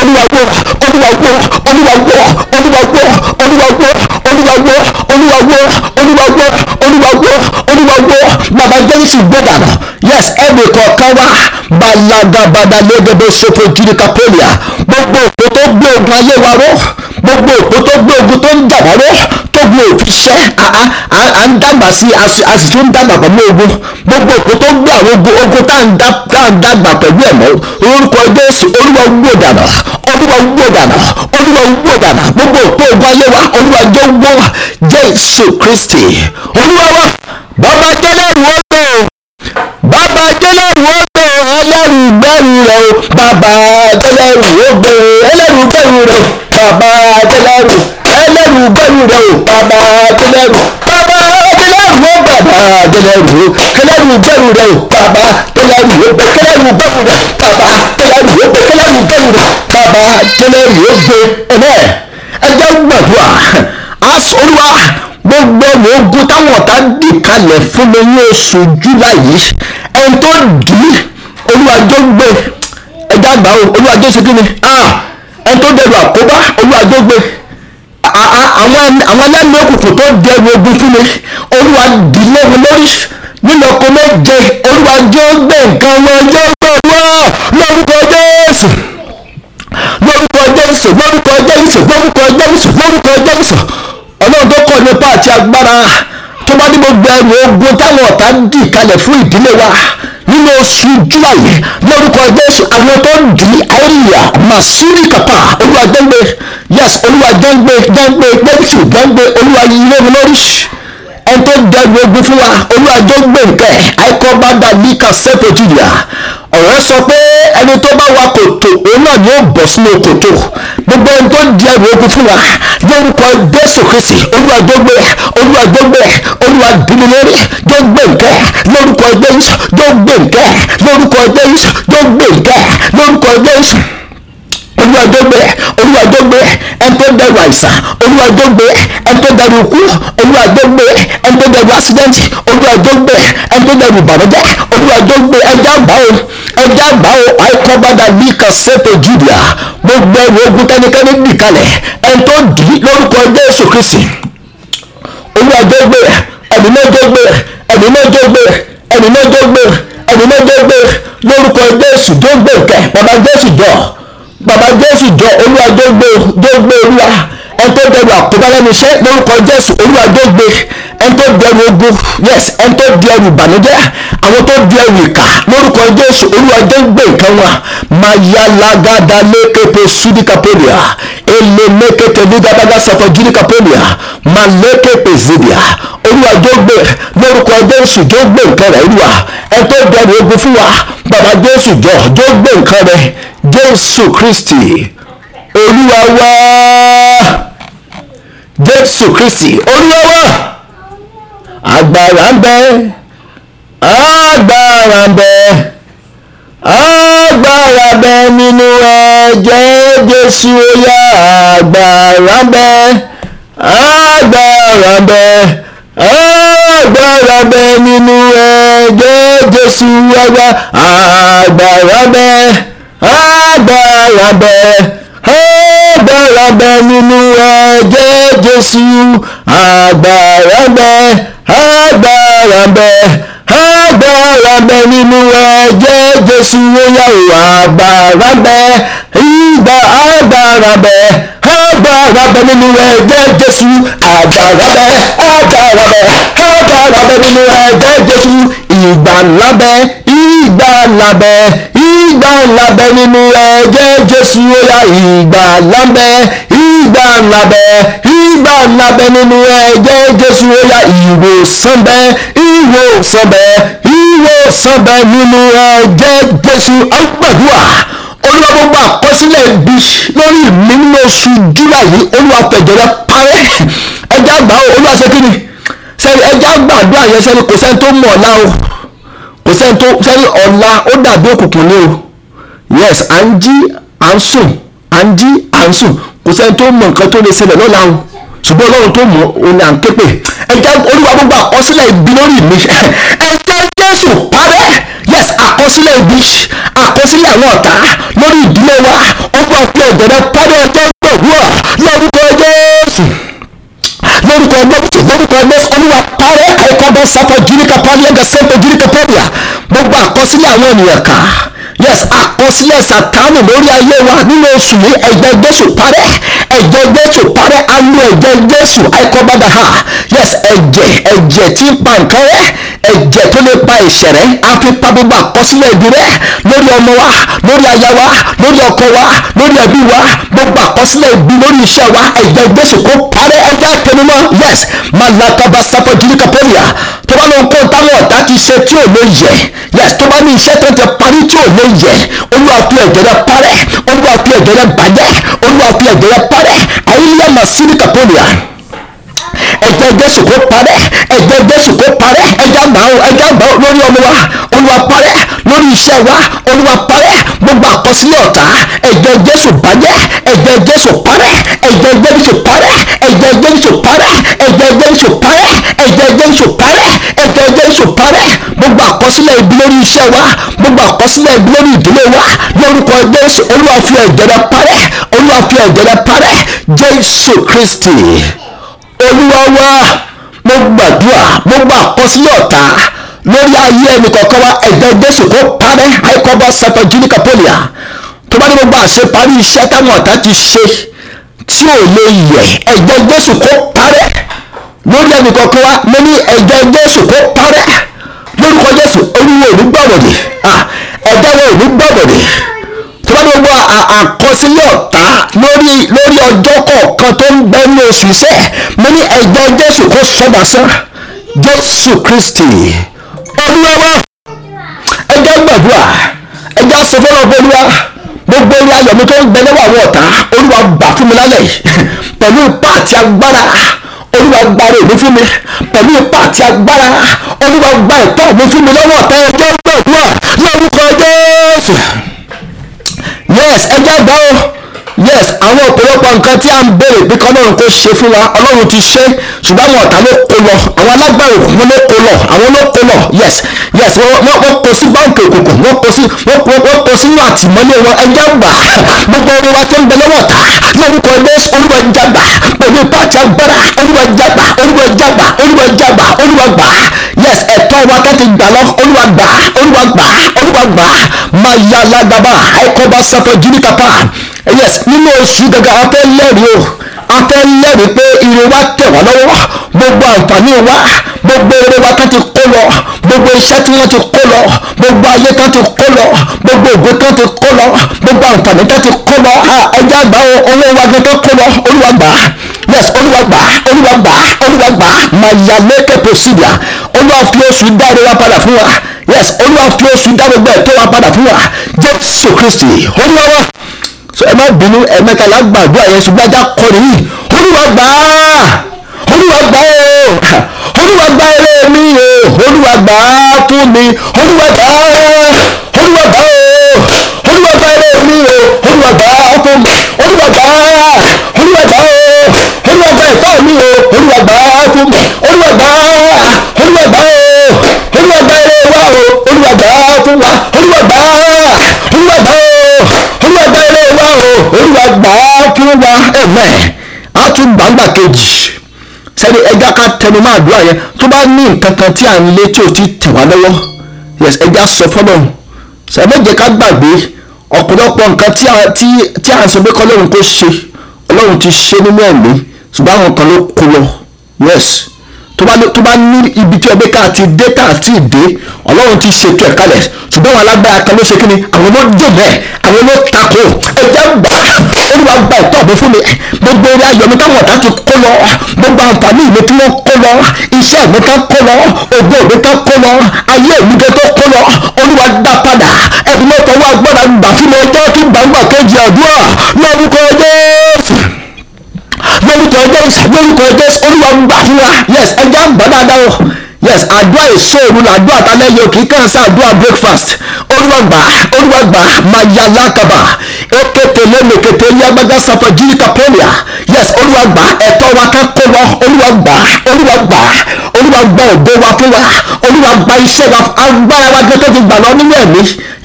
olúwa gbọ́ olúwa gbọ́ olúwa gbọ́ olúwa gbọ́ olúwa gbọ́ olúwa gbọ́ olúwa gbọ́ olúwa gbọ́ olúwa gbọ́ olúwa gbọ́ bàbá jẹ́rìsì gbé dànù yes ẹnì kọ̀ọ̀kan wá balagabada lẹ́gbẹ̀ẹ́ sọ́kò jìnnìkan pọ́lìà gbogbo gbogbo ogun ayé wa ró gbogbo òpó tó gbé ogun tó ń jàdáró tógun ò ti ṣẹ́ à ń dàgbà sí a sì tún dàgbà pẹ̀lú ogun gbogbo òpó tó gbé àwọn ogun ogun tá à ń dàgbà pẹ̀lú ẹ̀ mọ́ orúkọ Jésù olúwa gbò dànà olúwa gbò dànà olúwa gbò dànà gbogbo òpó ogun ayé wa olúwa jẹ́ gbó Jésù Kristi olúwa wa bàbá jẹ́lẹ́rù ọ̀rọ̀ bàbá jẹ́lẹ́rù ọ̀rọ̀ ẹlẹ́rù gbẹ̀rù rẹ̀ bàbá jẹ́lẹ́rù ọ̀rọ̀ ẹlẹ́rù gbẹ̀rù rẹ̀ baba, adélẹ́rù alẹ́rù gbẹ́rù rẹ̀ ò bàbá adélẹ́rù baba, adélẹ́rù ó bàbá adélẹ́rù ó kẹlẹ́rù gbẹ́rù rẹ̀ ò baba, adélẹ́rù ó gbẹ kẹlẹ́rù gbẹ́rù baba, bàbá adélẹ́rù ó gbẹ kẹlẹ́rù baba, rẹ̀ bàbá adélẹ́rù ó gbẹ ẹ̀bẹ́ ẹjẹ́ gbàdúrà àfọlùwà gbogbo àwọn ogun táwọn ọ̀tá dì kalẹ̀ fún mi ní oṣù july yìí ẹni tó dì í olúwa jó gbé ẹjẹ́ àgbà olúwa jó ṣe kí ni ah ẹni tó dẹrù àkóbá olúwa gbé gbé àwọn aláìní òkùnkùn tó dẹrù ogun fún mi olúwa dìlé mi lórí nínú ọkọ méje olúwa jẹ́ gbé nǹkan wọn jẹ́ gbọ̀wọ́ lórúkọ jésù lórúkọ jésù lórúkọ jésù lórúkọ jésù lórúkọ jésù ọlọ́run nípa àti agbára tó bá ní gbogbo ẹrù ogun táwọn ọ̀tá dì kalẹ̀ fún ìdílé wa nínú oṣù july yìí lórúkọ ẹgbẹ́ oṣù àwọn tó ń di àríyá masiri kapa olùwàgbẹ́ngbẹ́ yes olùwàgbẹ́ngbẹ́ gbẹ́ngbẹ́ gbẹ́bìtì gbẹ́ngbẹ́ olùwàyẹ̀mọ́rí ẹni tó ń dẹ́gbẹ́ ogun fún wa olùwàjọ́ngbẹ́ nkẹ́ àìkọ́ bá dà ní kàṣẹ́ pẹ̀tùdìyà ọ̀rọ̀ sọ pé ẹni tó bá wa kòtò òun náà ni ó bọ̀ sínú kòtò gbogbo ẹni tó di ẹrù ogun fún wa lórúkọ jésù kristi olúwa gbogbo ẹ olúwa gbogbo ẹ olúwa dùnmí lórí jọ gbé nkẹ lórúkọ jésù jọ gbé nkẹ lórúkọ jésù jọ gbé nkẹ lórúkọ jésù olúwa gbogbo ẹ olúwa gbogbo ẹ ẹni tó dẹrù àìsàn olúwa gbogbo ẹ ẹni tó dẹrù ikú olúwa gbogbo ẹ ẹni tó dẹrù accident olúwa gbogbo ẹ ẹni tó dẹrù ìbànújẹ́ olúwa gbogbo ẹ ẹni tó dẹrù ìbànújẹ́ ẹja gbà o àìkọ́gbádà bí kan ṣètò judea gbogbo ẹrù ogun tẹnikẹ́ni dì kalẹ̀ ẹni tó dì í lórúkọ ẹgbẹ́ èṣù kristi olúwa jẹ́ gbé rẹ̀ ẹ̀mí náà jẹ́ gbé rẹ̀ ẹ̀mí náà jẹ́ gbé rẹ̀ ẹ̀mí náà jẹ́ gbé rẹ̀ ẹ̀mí náà jẹ́ gbé rẹ̀ lórúkọ ẹgbẹ́ èṣù jẹ́ gbé nkẹ́ bàbá jésù jọ bàbá jésù jọ olúwa jẹ́ gbé olúwa ẹni tó dẹrù àkóbá lẹ́nu iṣẹ́ lórúkọ jésù olúwa jẹ́ gbé rẹ̀ ẹni tó di ẹrù ogun yes ẹni tó di ẹrù ìbànújẹ́ àwọn tó di ẹrù ìkà lórúkọ jésù olúwàjẹ́ ń gbé nǹkan wa máa ya lágádá lékepo sídìkàpọ̀lìà èlé lékete nígbàdàgà sọ̀tọ̀ jídìkàpọ̀lìà máa lékepe zibia olúwàjẹ́ gbé lórúkọ jésù jẹ́ gbé nǹkan rẹ̀ olúwa ẹni tó di ẹrù ogun fún wa bàbá jésù jọ jọ gbé nǹkan rẹ̀ jésù kristi olúwa wá jésù kristi olúwa wá agbára ń bẹ agbára ń bẹ agbára bẹ nínú ẹ̀jẹ̀ Jésù ọyá agbára ń bẹ agbára ń bẹ agbára bẹ nínú ẹ̀jẹ̀ Jésù ọyá agbára ń bẹ agbára ń bẹ agbára bẹ nínú ẹ̀jẹ̀ Jésù agbára ń bẹ agbára ń bẹ agbára ń bẹ nínú ẹ̀jẹ̀ jésù yóò agbára ń bẹ ìgbà agbára ń bẹ agbára ń bẹ nínú ẹ̀jẹ̀ jésù agbára ń bẹ agbára ń bẹ agbára ń bẹ nínú ẹ̀jẹ̀ jésù ìgbà ńlá bẹ ìgbà ńlá ìgbà ńlá nínú ẹ̀jẹ̀ jésù yóò ìgbà ńlá lábẹ́ ìgbà lábẹ́ nínú ẹ̀jẹ̀ jésù ọ̀yà ìwòsàn bẹ́ ìwòsàn bẹ́ ìwòsàn bẹ́ nínú ẹ̀jẹ̀ jésù àgbàdua olúwa gbogbo àkọsílẹ̀ ibi lórí mi nínú oṣù júlá yìí olúwa fẹ̀jẹ̀ rẹ parẹ́ ẹjẹ́ àgbà olúwa ṣe kí ni sẹ́ni ẹjẹ́ àgbàdua yẹn sẹ́ni kò sẹ́ni tó mọ̀ ọ̀la o kò sẹ́ni tó sẹ́ni ọ̀la ó dàbí òkùnkùn ni o yes à ń jí à ń sùn à ń jí à ń sùn kò sẹ́ni tó mọ nǹkan tó lè ṣẹlẹ̀ lọ́la o ṣùgbọ́n ọlọ́run tó mọ òun à ń ké pè ẹ jẹ́ olúwa gbogbo àkọsílẹ̀ ibi lórí mi ẹ jésù parẹ́ yẹsẹ̀ àkọsílẹ̀ ibi àkọsílẹ̀ àwọn ọ̀tá lórí ìdílé wa ọgbà òkè ọ̀gẹ̀dẹ̀ parẹ́ ọjọ́ gbòòrò lórúkọ jésù lórúkọ jésù lórúkọ jésù olúwa parẹ́ àìkọ́gbọ́n sọ́kọ̀ jíríkà pàdé ẹ̀gà sẹ́ńtẹ̀ jíríkà pàdé gbogbo àkọsílẹ̀ àwọn ènìyàn kà yes àkọsílẹ̀ sàtánì lórí ayé wa nínú oṣù yìí ẹ̀jẹ̀ jésù parẹ́ ẹ̀jẹ̀ jésù parẹ́ ayé ẹ̀jẹ̀ jésù àìkọ́bàdà ha yes ẹ̀jẹ̀ ẹ̀jẹ̀ tí ń pa nǹkan rẹ̀ ẹ̀jẹ̀ tó lè pa ẹ̀ṣẹ̀ rẹ̀ á fi pa gbogbo àkọsílẹ̀ ibi rẹ̀ lórí ọmọ wa lórí aya wa lórí ọkọ wa lórí ẹbí wa gbogbo àkọsílẹ̀ ibi lórí iṣẹ́ wa ẹ̀jẹ̀ jésù kó parẹ́ ẹ̀jẹ̀ àtẹnumọ́ yes malakaba sapọ̀ jìnnìkàpọ̀lìà tó bá lóun kó táwọn ọ̀tá ti ṣe tí ò lè yẹ yes tó bá ní iṣẹ́ tó ti parí tí ò lè yẹ olúwa fi ẹ̀jẹ̀ rẹ parẹ́ olúwa fi ẹ̀jẹ̀ rẹ bàjẹ́ olúwa fi ẹ̀jẹ̀ rẹ parẹ́ àyílíyà máa sí ní kàpọ́lìà ẹ̀jẹ̀ jésù kó parẹ́ ẹ̀jẹ̀ jésù kó parẹ́ ẹ̀jẹ̀ àmàwò ẹ̀jẹ̀ àmàwò lórí ọmọ wa olúwa parẹ́ lórí iṣẹ́ wa olúwa parẹ́ gbogbo àkọsílẹ̀ ọ̀tá ẹ̀jẹ̀ jésù bàjẹ́ ẹ̀jẹ̀ jésù parẹ́ ẹ̀jẹ̀ jésù parẹ́ ẹ̀jẹ̀ jésù parẹ́ ẹ̀jẹ̀ jésù parẹ́ ẹ̀jẹ̀ jésù parẹ́ ẹ̀jẹ̀ jésù parẹ́ gbogbo àkọsílẹ̀ ibi lórí iṣẹ́ wa gbogbo àkọsílẹ̀ ibi lórí ìdílé wa lórúkọ jésù olúwa fi ẹ̀jẹ̀ rẹ parẹ́ olúwa fi ẹ̀jẹ̀ rẹ parẹ́ jésù kristi olúwa wa mo gbàdúrà gbogbo àkọsílẹ̀ ọ̀tá lórí ayé ẹnì kọ̀ọ̀kan wa ẹ̀jẹ̀ jésù kó parẹ́ àìkọ́bọ̀ sẹ́pẹ̀ jíníkà pọ́lìà tó bá ní gbogbo àṣeparí iṣẹ́ táwọn ọ̀tá ti ṣe tí ò lè yẹ ẹ̀jẹ̀ jésù kó parẹ́ lórí ẹnì kọ̀ọ̀kan wa mo ní ẹ̀jẹ̀ jésù kó parẹ́ lórúkọ jésù olúwo òní gbàbọ̀dì ẹ̀dá wo òní gbàbọ̀dì tó bá gbogbo àkọsílẹ̀ ọ̀tá lórí lórí ọjọ́ kọ̀ọ̀kan tó ń bẹ ní oṣù iṣẹ́ mo ní ẹ̀jẹ̀ jésù kó sọ́dà sán jésù kristi olúwa wa ẹ̀jẹ̀ gbàdúrà ẹ̀jẹ̀ asọ̀fẹ́lẹ̀ ọ̀bẹ̀lúwa gbogbo orí ayọ̀ mi tó ń gbẹ lọ́wọ́ àwọn ọ̀tá olúwa bà fún mi lálẹ́ pẹ̀lú ipá àti agbára olúwa gbára èmi fún mi pẹ̀lú ipá àti agbára olúwa gba ìtọ́ mi fún mi lọ́wọ́ ọ̀tá ẹjọ́ gbàdúrà lórúkọ jésù yes ẹjọ́ gbà ó yes àwọn ọ̀pọ̀lọpọ̀ nǹkan tí a ń béèrè pé kọ́lọ́run kò ṣe fún wa ọlọ́run ti ṣe ṣùgbọ́n àwọn ọ̀tá ló kó lọ àwọn alágbára òkùnkùn ló kó lọ àwọn ló kó lọ yes yes wọ́n wọ́n kó sí báńkì òkùnkùn wọ́n kó sí wọ́n wọ́n kó sínú àtìmọ́lé wọn ẹjẹ́ gbà gbogbo ọrọ̀ wa tó ń bẹ lọ́wọ́ ta lórúkọ Jésù olúwa jàgbà pẹ̀lú pàṣẹ agbára olúwa jàgbà olúwa jàgbà olúwa jàgbà olúwa gbà yes ẹ̀tọ́ wa tó ti gbà lọ olúwa gbà olúwa gbà olúwa gbà máa yá alágbàbà ẹ̀kọ́ bá sọ́tọ̀ jírí kápá yes nínú oṣù gangan afẹ́ lẹ́rìí o afẹ́ lẹ́rìí pé ire wa tẹ̀ wá lọ́wọ́ gbogbo àǹfààní wa gbogbo eré wa kan ti kó lọ gbogbo iṣẹ́ tí wọ́n ti kó lọ gbogbo ayé kan ti kó lọ gbogbo ògbé kan ti kó lọ gbogbo àǹfààní kan ti kó lọ ẹja àgbà olówó agbẹ́ tó kó lọ olúwa gbà yes olúwa gbà olúwa gbà olúwa gbà mayaleke posidia olúwa fi oṣù dáre wa padà fún wa yes olúwa fi oṣù dáre gbẹ tó wa padà fún wa jésù kristi olúwa wa so ẹ má bínú ẹ̀mẹ́ta lágbàdo àyẹ̀ ṣùgbọ́n ajá kọ́ nìyí olúwa gbà á olúwa gbà á o olúwa gbà èrè mi o olúwa gbà á fún mi olúwa gbà á olúwa gbà á o olúwa gbà èrè mi o olúwa gbà á fún mi olúwa gbà á olúwa gbà á o olúwa gbà ẹ̀tọ́ mi o olúwa gbà á fún mi olúwa gbà á olúwa gbà á olúwa gbà èrè wa o olúwa gbà á fún wa olúwa gbà á olúwa gbà á olúwa gbà á fún wa ẹ̀mẹ́ á tún gbàǹgbà kejì sẹ́ni ẹja ká tẹnu máa dúrà yẹn tó bá ní nǹkan kan tí à ń lé tí ò ti tẹ̀ wá lọ́wọ́ ẹja sọ fọ́lọ́run sẹ́mẹ́jẹ ká gbàgbé ọ̀pọ̀lọpọ̀ nǹkan tí à ń sọ pé kọ́lọ́run kó ṣe ọlọ́run ti ṣe nínú ẹ̀mí ṣùgbọ́n àwọn kan ló kó lọ yes tó bá ní ibi tí ọgbẹ́ ká ti dé tá a ti dé ọlọ́run ti ṣètò ẹ̀ kalẹ̀ ṣùgbọ́n àwọn alágbára kan ló ṣe kí ni àwọn ló dè mẹ́ àwọn ló tako ẹja gbà olúwa gba ìtọ́ àbò fún mi gbogbo eré ayọ̀ mi táwọn ọ̀tá ti kó lọ gbogbo àǹfààní mi tí wọ́n kó lọ iṣẹ́ mi ká kó lọ ògbó mi ká kó lọ ayé mi ká tó kó lọ olúwa dá padà ẹ̀dùn mọ́tò wọn agbára gbà fún mi ọjọ́ tó gbàgbà kejì àdúrà lórúkọ ọjọ́ lórúkọ jésù lórúkọ jésù olúwa gbà fún wa yes ẹja gbà dáadáa o yes àdúrà èso òru làdúrà tálẹ́yẹ òkè kàn sí àdúrà breakfast olúwa gbà olúwa gbà máa yà lákàbà èkété lẹ́nu èkété ní agbádá sàfàjì kàpẹ́ẹ́nìà yes olúwa gbà ẹ̀tọ́ wa ká kó wa olúwa gbà olúwa gbà olúwa gbà ògo wa fún wa olúwa gbà iṣẹ́ wa agbára wa gẹ́gẹ́ ti gbà lọ nínú ẹ̀mí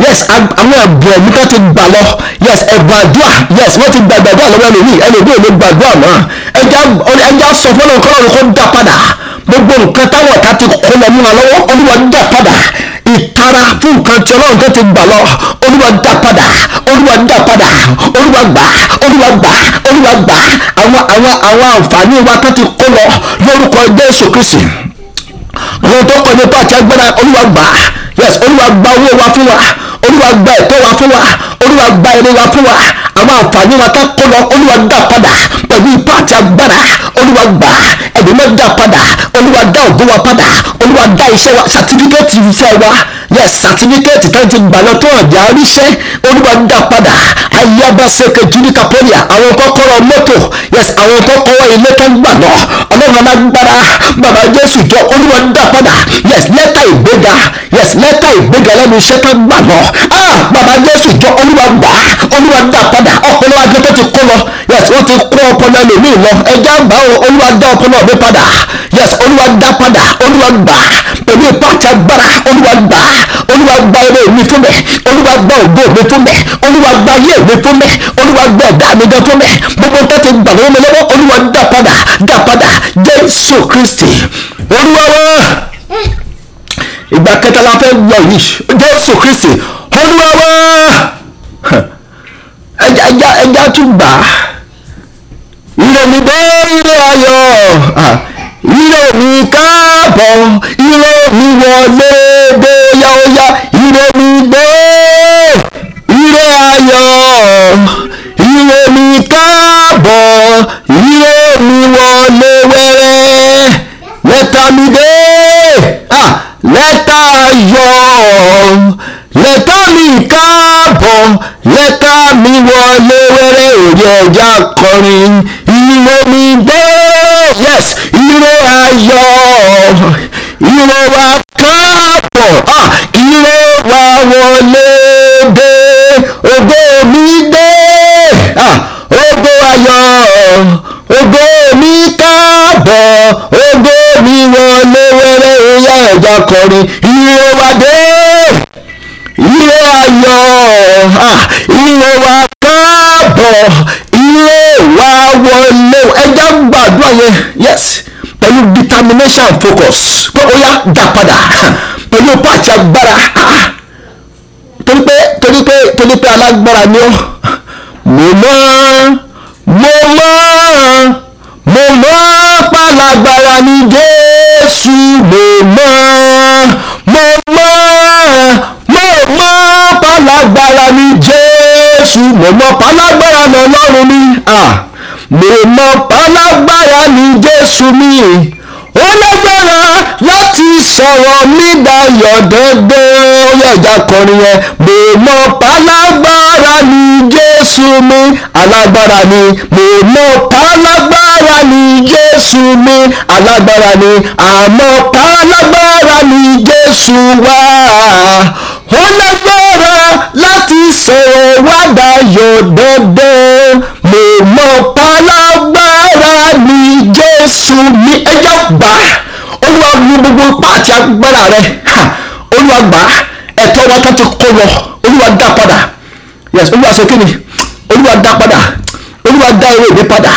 yes àwọn ẹ̀bùn ẹ̀mí kan ti gbà lọ yes ẹ̀bùn àdúrà yes wọ́n ti gba àdúrà lọ́wọ́ ẹlòmíì ẹlòmíì ló gba àdúrà mọ́ ẹja sọ fọlọ́ kọ́lọ́run kó dá padà gbogbo nǹkan táwọn ọ̀tá ti kó lọ múra lọ́wọ́ olúwa dá padà ìtara fún nǹkan tí ọlọ́run tó ti gbà lọ olúwa dá padà olúwa dá padà olúwa gbà olúwa gbà olúwa gbà àwọn àwọn àwọn àǹfààní wa tó ti kó lọ lórúkọ jésù kristi wọn tó kọ nípa àti agbára olúwa gbà yes olúwa gba owó wa fún wa olúwa gba ẹ̀tọ́ wa fún wa olúwa gba èrè wa fún wa àwọn àǹfààní wa tó kó lọ olúwa dá padà pẹ̀lú ipá àti agbára olúwa gbà ẹ̀dùnmọ́ dá padà olúwa dá òbí wa padà olúwa dá iṣẹ́ wa sàtífíkẹ́tì iṣẹ́ wa yes sátífíkẹ́ẹ̀tì kan ti gbà lọ tó ọ̀jà àríṣẹ́ olúwa dá padà ayaba seke junika àwọn kọ́kọ́rọ́ mọ́tò yes àwọn kọ́kọ́rọ́ ilé tó ń gbà lọ ọlọ́run alágbára bàbá jésù jọ olúwa dá padà yes lẹ́tà ìgbéga yes lẹ́tà ìgbéga lẹ́nu iṣẹ́ tó gbà lọ ah bàbá jésù jọ olúwa gbà olúwa dá padà ọpọlọ ajọ ti kó lọ yes wọ́n ti kó ọpọlọ ẹlòmíì lọ ẹja yes olúwa dá padà olúwa gbà pẹ̀lú ìpàkẹ́ agbára olúwa gbà olúwa gba owó mi tó mẹ́ olúwa gba ògbó mi tó mẹ́ olúwa gba ayé mi tó mẹ́ olúwa gba ẹ̀dá mi gan tó mẹ́ gbogbo nǹkan ti gbà lọ́wọ́ mi lọ́wọ́ olúwa dá padà dá padà jésù kristi olúwa wa ìgbà kẹta la fẹ́ lọ yìí jésù kristi olúwa wa ẹja ẹja ẹja tún gbà ilẹ̀ mi bọ́ ilẹ̀ ayọ̀ ah, ilẹ̀ mi káàbọ̀ ilẹ̀ mi wọlé dé óyá óyá ire mi gbé ire ayọ̀ ire mi káàbọ̀ ire mi wọlé wẹ́rẹ́ lẹ́tà mi dé ah lẹ́tà ayọ̀ lẹ́tà mi káàbọ̀ lẹ́tà mi wọlé wẹ́rẹ́ òye ẹja wá kọrin ire wa dé ire ayọ̀ ire wa káàbọ̀ ire wa wọlé ẹja gbàdúrà yẹn yes pẹ̀lú determination focus pé ó yá dá padà pẹ̀lú pàtàgbára. mi ó lágbára láti sọ̀rọ̀ mi dayọ̀ dọ́gbọ́ yẹ̀dá kọrin yẹn mo mọ̀ pálágbára ni jésù mi alágbára ni mo mọ̀ pálágbára ni jésù mi alágbára ni àmọ́ pálágbára ni jésù wá ó lágbára láti sọ̀rọ̀ wá dayọ̀ dọ́gbọ́ mo mọ̀ pálágbára jésù mi ẹjọ́ gbà olúwa lu gbogbo ipá àti agbára rẹ olúwa gbà ẹ̀tọ́ wọn tó ti kó wọ olúwa dá padà yes olúwa ṣe kí ni olúwa dá padà olúwa dá owó mi padà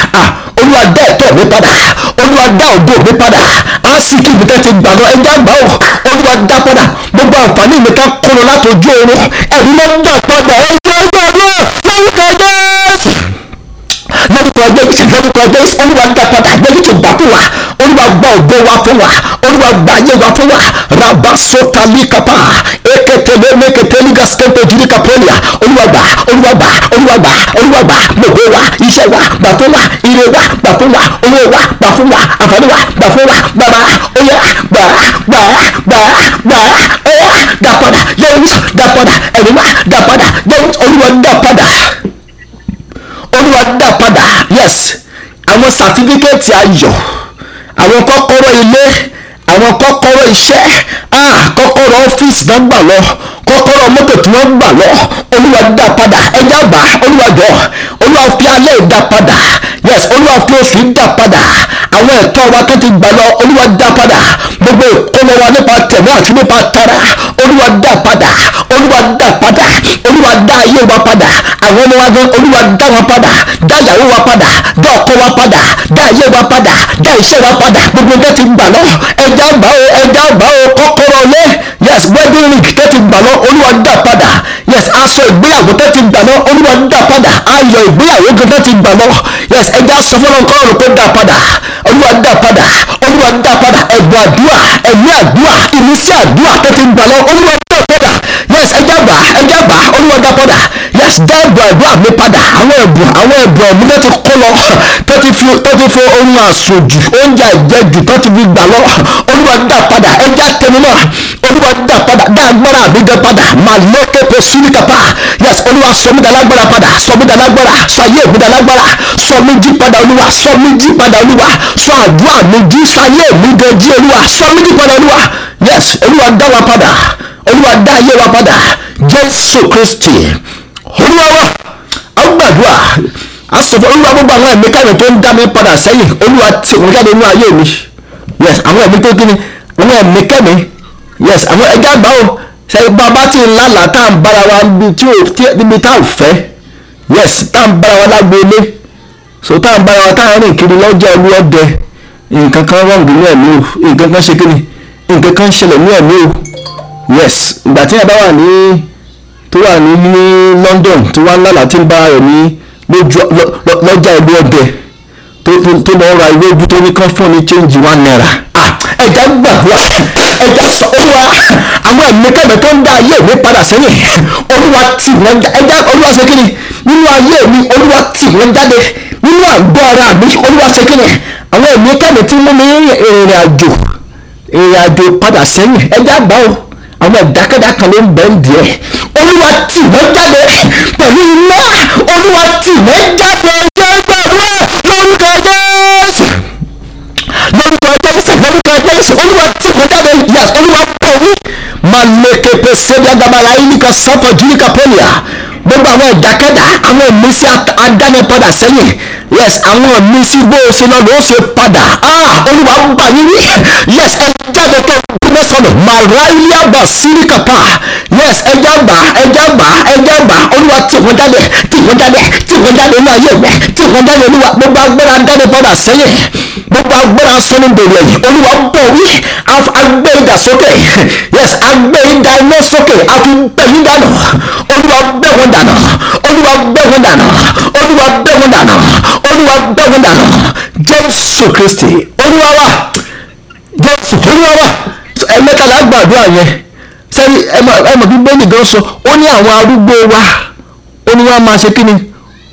olúwa dá ẹ̀tọ́ mi padà olúwa dá ògo mi padà asiki mi tẹ́ ti gbà lọ ẹjẹ́ gbà ó olúwa dá padà gbogbo àǹfààní mi ká kó lọ láti ojú oorun ẹ̀mí ló gbà padà ẹjẹ́ gbà lọ lọ́wọ́ lórúkọ ẹgbẹ́ lórúkọ ẹgbẹ́ olúwa dá padà lórúkọ ìgbà fún wa olúwa gba ògbó wa fún wa olúwa gba ayé wa fún wa raba sota likapa eketele meketele gaskepe jirika polia olúwa gbà olúwa gbà olúwa gbà olúwa gbà gbogbo wa iṣẹ́ wa gbà fún wa ire wa gbà fún wa owó wa gbà fún wa àǹfààní wa gbà fún wa gbàrà oyè gbàrà gbàrà gbàrà gbàrà oyè dá padà yẹn wá dá padà ẹ̀rí olúwa dá olúwa dà padà yes àwọn sàtífíkẹ́ẹ̀tì ayọ̀ àwọn kọ́kọ́rọ́ ilé àwọn kọ́kọ́rọ́ iṣẹ́ ah kọ́kọ́rọ́ ọ́fíìsì náà gbà lọ kọ́kọ́rọ́ mọ́tò tí wọ́n gbà lọ olúwa dá padà ẹja gbà olúwa jọ olúwa fi alẹ́ dá padà yes olúwa fi oṣù dá padà àwọn ẹ̀tọ́ wa tó ti gbà lọ olúwa dá padà gbogbo ìkólọ wa nípa tẹ̀mọ́ àti nípa tara olúwa dá padà olúwa dá padà olúwa dá ayé wa padà àwọn ọmọ wa gan olúwa dá wa padà dá ìyàwó wa padà dá ọkọ wa padà dá ayé wa padà dá iṣẹ́ wa padà gbogbo tó ti gbà lọ ẹja gbà ó ẹja gbà ó kọ́kọ́rọ́ lé yes wedding ring tó ti gbà lọ olúwa dá padà yes aṣọ ìgbéyàwó tó ti gbà lọ olúwa dá padà ayọ̀ ìgbéyàwó gan tó ti gbà lọ yes ẹja sọ fọlọ́nkọ́ ọ̀rọ̀ kó dá padà olúwa dá padà olúwa dá padà ẹ̀bùn àdúrà ẹ̀mí àdúrà ìmísí àdúrà tó ti gbà lọ olúwa dá padà yẹsẹ̀ ẹ̀jábà ẹ̀jábà padà dá ẹ̀bùn àdúrà mi padà àwọn ẹ̀bùn àwọn ẹ̀bùn ọ̀mú tó ti kó lọ tó ti fi tó ti fi ohun àsòjù oúnjẹ àjẹjù tó ti fi gbà lọ olúwa dá padà ẹja tẹnu náà olúwa dá padà dá agbára mi gan padà màá lókè kó sínú kápá yẹs olúwa sọ mi dalágbára padà sọ mi dalágbára sàyé mi dalágbára sọ mi jí padà olúwa sọ mi jí padà olúwa sọ àdúrà mi jí sàyé mi gan jí olúwa sọ mi jí padà olúwa yẹs olúwa dá wa padà olúwa dá ayé wa padà jésù kristi olúwa ó gbàdúrà a sì fọ olúwa gbogbo àwọn ẹ̀mí káyọ̀ tó ń dá mi padà sẹ́yìn olúwa tì wọ́n jáde nínú ayé mi yes àwọn ẹ̀mí tó kí ni àwọn ẹ̀mí kẹ́mi yes àwọn ẹja àgbà ó sẹ́yìn bàbá tí ń lálà tá à ń bára wa níbi tá à ń fẹ́ yes tá à ń bára wa lágbo ilé so tá à ń bára wa tá à ń rìn kiri lọ́jọ́ olúọdẹ nǹkan kan wọ́n gbé ní ẹ̀mí o nǹkan kan ṣe kí ni nǹkan kan ṣẹlẹ̀ ní ẹ̀mí o yes ìgbà tí yẹn bá wà ní tó wà ní London tó wà ńlá láti ń bá ẹ̀mí lọ́jà ìlú ọbẹ̀ tó lọ ra ìwé ojú tó ní kán fún ní change one naira. Ah, ẹja gbàdúrà ẹja sọ olúwa àwọn ẹ̀mí kẹ̀mẹ́ tó ń dá ayé mi padà sẹ́yìn olúwa tì wọ́n já ẹja olúwa ṣe kí ni nínú ayé mi olúwa tì wọ́n jáde nínú àgọ́ ara mi olúwa ṣe kí ni àwọn ẹ̀mí kẹ̀mẹ́ tí mú mi rìnrìn àjò ìrìn àjò padà sẹ́yìn ẹja gbà ó àwọn ìdákẹ́dá ló ń bẹ ń díẹ̀ olúwa tì wọ́n jáde pẹ̀lú iná olúwa tì wọ́n jáde yẹ́gbẹ̀rún lórúkọ jésù lórúkọ jésù lórúkọ jésù olúwa tì wọ́n jáde yẹ́s olúwa tẹ̀wé malekepe sẹ́díàgàbàrà ìlúkà sọ́fọ̀ jírika pọ́lìà gbogbo àwọn ìdákẹ́dá àwọn ìmísí adáni padà sẹ́yìn yes àwọn ìmísí bó o ṣe lọ́dọ̀ ó ṣe padà ah, olúwa ń yín yes ẹ jáde kẹ́ mẹ́sàn-án màráyà basirikapa yes ẹja gbà ẹja gbà ẹja gbà olúwa tì wọ́n jáde tì wọ́n jáde tì wọ́n jáde olúwa yé mi tì wọ́n jáde olúwa gbogbo agbára dáni padà sẹ́yìn gbogbo agbára sọ́ni bèrè yìí olúwa bọ̀ wí agbé ìdá sókè yes agbé ìdá iná sókè àti gbẹ̀mí dànù olúwa gbẹ̀ wọ́n dànù olúwa gbẹ̀ wọ́n dànù olúwa gbẹ̀ wọ́n dànù olúwa gbẹ̀ wọ́n dànù jésù kristi olúwa wa jésù olúwa wa ẹlẹ́ka lágbàdúrà yẹn sẹ́ni ẹmọ bí bẹ́ẹ̀ni gan sọ ó ní àwọn arúgbó wa ó ní wọ́n máa ṣe kí ni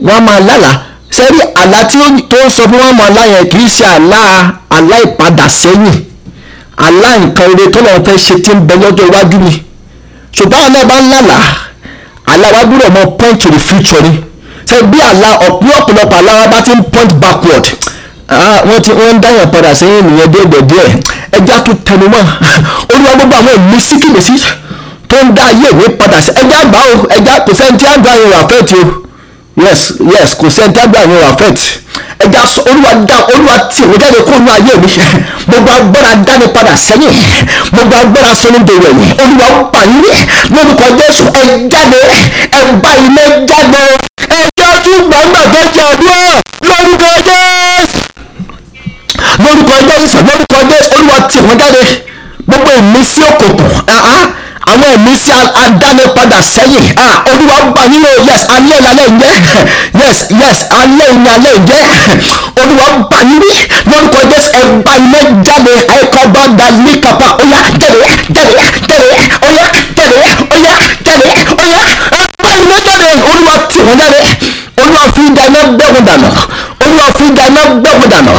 wọ́n máa lálàá sẹ́ni àlá tí ó ń sọ fún wọn máa lá yẹn kì í ṣe àlá àlá ìpadà sẹ́yìn àlá nǹkan ire tó lọ́wọ́ fẹ́ ṣe tí ń bẹ lọ́jọ́ iwájú ni ṣùgbọ́n alẹ́ bá ń lálàá àlá wa gbúdọ̀ mọ point to the future ni ṣe bí àlá ọ̀pọ̀ ọ̀pọ̀lọpọ̀ àlá wa bá ti ń point backward ah, wọ́n ń dáyàn padà sẹ́yìn nìyẹn díẹ̀ díẹ̀ ẹja tó tẹnumọ́ olúwa gbogbo àwọn mísíkìmísí tó ń dá ayé ìwé padà sí ẹja gbà ó ẹja kò sẹ́ni tí àgbà yẹn wà fẹ́ẹ̀tì o yes yes kò sẹ́ni tí àgbà yẹn wà fẹ́ẹ̀tì ẹja olúwa dá olúwa tì mí jáde kó olúwa ayé mi gbogbo agbára dá padà sẹ́yìn gbogbo agbára sọ ní dèrò ẹ̀yìn olúwa pàyín lórúkọ jésù ẹ jáde ẹ bá ilé jáde ẹ yọjú gbàgbà tó jẹ lórúkọ jésù lórúkọ jésù lórúkọ wọlé olúwa tì wọ́n jáde gbogbo ìmísí òkùnkùn àwọn ìmísí adánipadà sẹ́yìn olúwa gbà nínú yes alẹ́ ìyálẹ̀ ń yes yes alẹ́ ìyálẹ̀ ń jẹ́ olúwa gbà nínú lórúkọ jésù ẹgbà iná jáde ẹ̀kọ́ bá gba ní kápá ọ̀yà jáde jáde jáde ọ̀yà jáde ọ̀yà jáde ọ̀yà ẹgbà iná jáde olúwa tì wọ́n jáde olúwa fi dáná gbẹ̀wò dànù olúwa fi dáná gbẹ̀wò dànù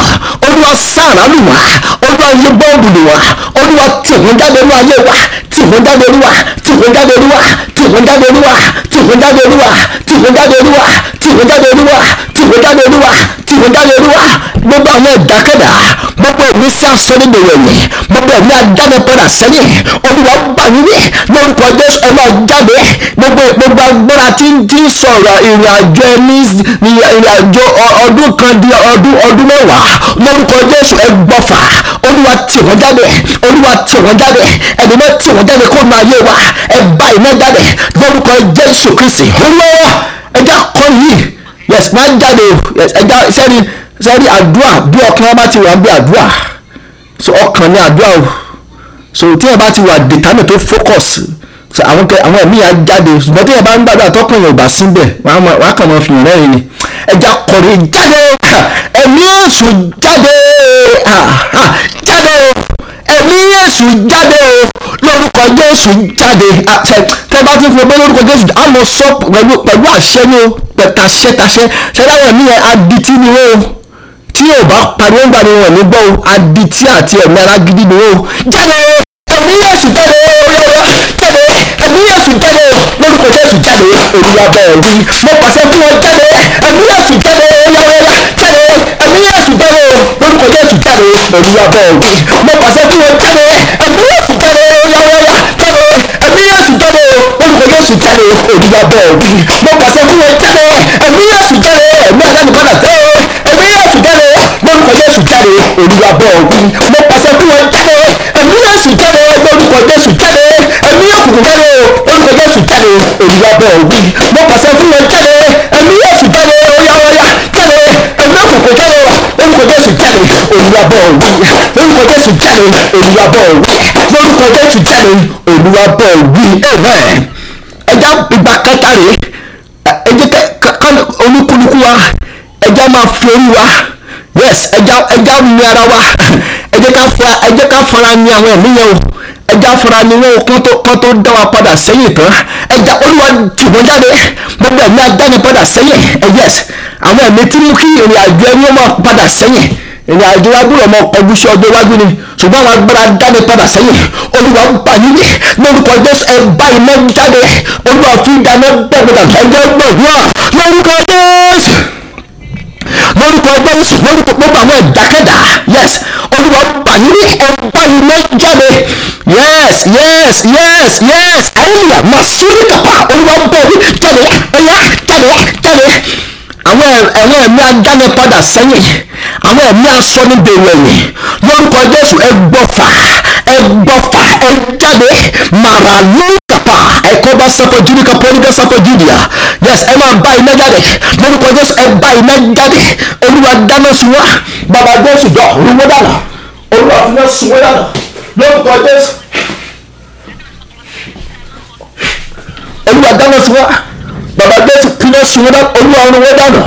sára lù wá olúwa yẹ bọ́ọ̀bù lù wá olúwa tù jáde ní ayé wa tìwọ́n jáde olúwa tìwọ́n jáde olúwa tìwọ́n jáde olúwa tìwọ́n jáde olúwa tìwọ́n jáde olúwa tìwọ́n jáde olúwa tìwọ́n jáde olúwa tìwọ́n jáde olúwa gbogbo àwọn ìdákẹ́dà gbogbo ẹ̀mí sá sọ́ni dòwẹ̀lẹ̀ gbogbo ẹ̀mí ajáde padà sẹ́yìn olúwa gbà yín ní lórúkọ jésù ẹ jáde gbogbo gbogbo agbára tí ń tí sọ̀rọ̀ ìrìn àjò ẹni ìrìn àjò ọdún kan di ọdún ọdún mẹ́wàá lórúkọ jésù ẹ olúwa tì jáde olúwa tì jáde ẹ̀mí náà tì wọ́n jáde kó nu ayé wa ẹ bá iná jáde lórúkọ jésù kristi olúwa ẹja kọ yìí yes máa jáde ẹja sẹ́ni sẹ́ni àdúrà bí ọkàn wọn bá ti wà ń bí àdúrà so ọkàn ni àdúrà o so tí wọn bá ti wà determine tó focus so àwọn kẹ àwọn ẹ̀mí yà jáde ṣùgbọ́n tí wọn bá ń gbàdúrà tọkàn yẹn ò bá síbẹ̀ wọn á kàn máa fi hàn rẹ́rìn ni ẹja kọrin jáde ẹ̀mí èṣù jáde ah, ah, jáde ẹ̀mí èṣù jáde o lórúkọ jésù jáde tẹ bá ti fi ọgbọ́n lórúkọ jésù á lọ sọ pẹ̀lú pẹ̀lú àṣẹ ni o pẹ̀tàṣẹ tàṣẹ ṣẹlẹ́wọ̀n ẹ̀mí yẹn adití ni o tí yóò bá pariwo ń gbà ní wọn nígbọ́ o adití àti ẹ̀mí ara gidi ni o jáde ẹ̀mí èṣù jáde olúwa jáde ẹ̀mí èṣù jáde lórúkọ jésù jáde olúwa bẹ́ẹ̀ wí mo pàṣẹ fún ọ jáde ẹ̀mí èṣù jáde olúwa jáde ẹ̀mí èṣù jáde lórúkọ jésù. pẹ̀lú abẹ́ òbí mo pàṣẹ kí wọ́n jáde ẹ̀mí èsì jáde ọ̀yàwọ̀yà jáde ẹ̀mí èsì jáde olùkọ́ yéésù jáde òbí abẹ́ òbí mo pàṣẹ kí wọ́n jáde ẹ̀mí èsì jáde ẹ̀mí àtẹnukọ́nà tẹ́ o ẹ̀mí èsì jáde olùkọ́ yéésù jáde òbí abẹ́ òbí mo pàṣẹ kí wọ́n jáde ẹ̀mí èsì jáde olùkọ́ yéésù jáde ẹ̀mí òkùnkùn jáde olùkọ́ yéésù jáde òbí abẹ́ òbí mo pàṣẹ kí wọ́n jáde ẹ̀mí olúwàbọ̀ wí lórúkọ jésù jẹun olúwàbọ̀ wí lórúkọ jésù jẹun olúwàbọ̀ wí amen ẹja ìgbà kẹta rèé ẹjẹ ká olúkúlùkù wa ẹja máa fi orí wa yes ẹja ẹja nu ara wa ẹjẹ ká fọ ẹjẹ ká fọra ní àwọn ẹ̀mí yẹn o ẹja fọra ní wọn kán tó kán tó dá wa padà sẹ́yìn tán ẹja olúwa tì wọ́n jáde gbogbo ẹ̀mí adáni padà sẹ́yìn yes àwọn ẹ̀mí tí mú kí ìrìn àjò ẹni wọn máa padà sẹ́yìn ìrìn àjò wa ọgbọ́n sí ọjọ́ iwájú ni ṣùgbọ́n àwọn agbára dáni padà sẹ́yìn olúwa ń bà yín ní lórúkọ jésù ẹ bá iná jáde olúwa fi dáná bẹ̀rẹ̀ ẹgbẹ́ gbọ̀dúrà lórúkọ jésù lórúkọ jésù lórúkọ gbogbo àwọn ìdákẹ́dá yes olúwa ń bà yín ní ẹ bá iná jáde yes yes yes yes hallelujah masiri kapa olúwa ń bọ̀ wí jáde ẹ̀yà jáde jáde àwọn ẹ̀mí adáni padà sẹ́yìn àwọn ẹ̀mí afọ́nibẹ̀wẹ̀yìn lórúkọ jésù ẹgbọ́fà ẹgbọ́fà ẹjáde màràlú kàpà ẹ̀kọ́ bá sọ́kọ̀ jírí kan pọ́nibẹ́ sọ́kọ̀ jíríà yes ẹ máa bá iná jáde lórúkọ jésù ẹ bá iná jáde olúwa dáná sunwá bàbá jésù jọ olúwa dáná olúwa fúnná sunwó dáná lórúkọ jésù olúwa dáná sunwá bàbá jésù fúnná sunwó dáná olúwa olúwa dáná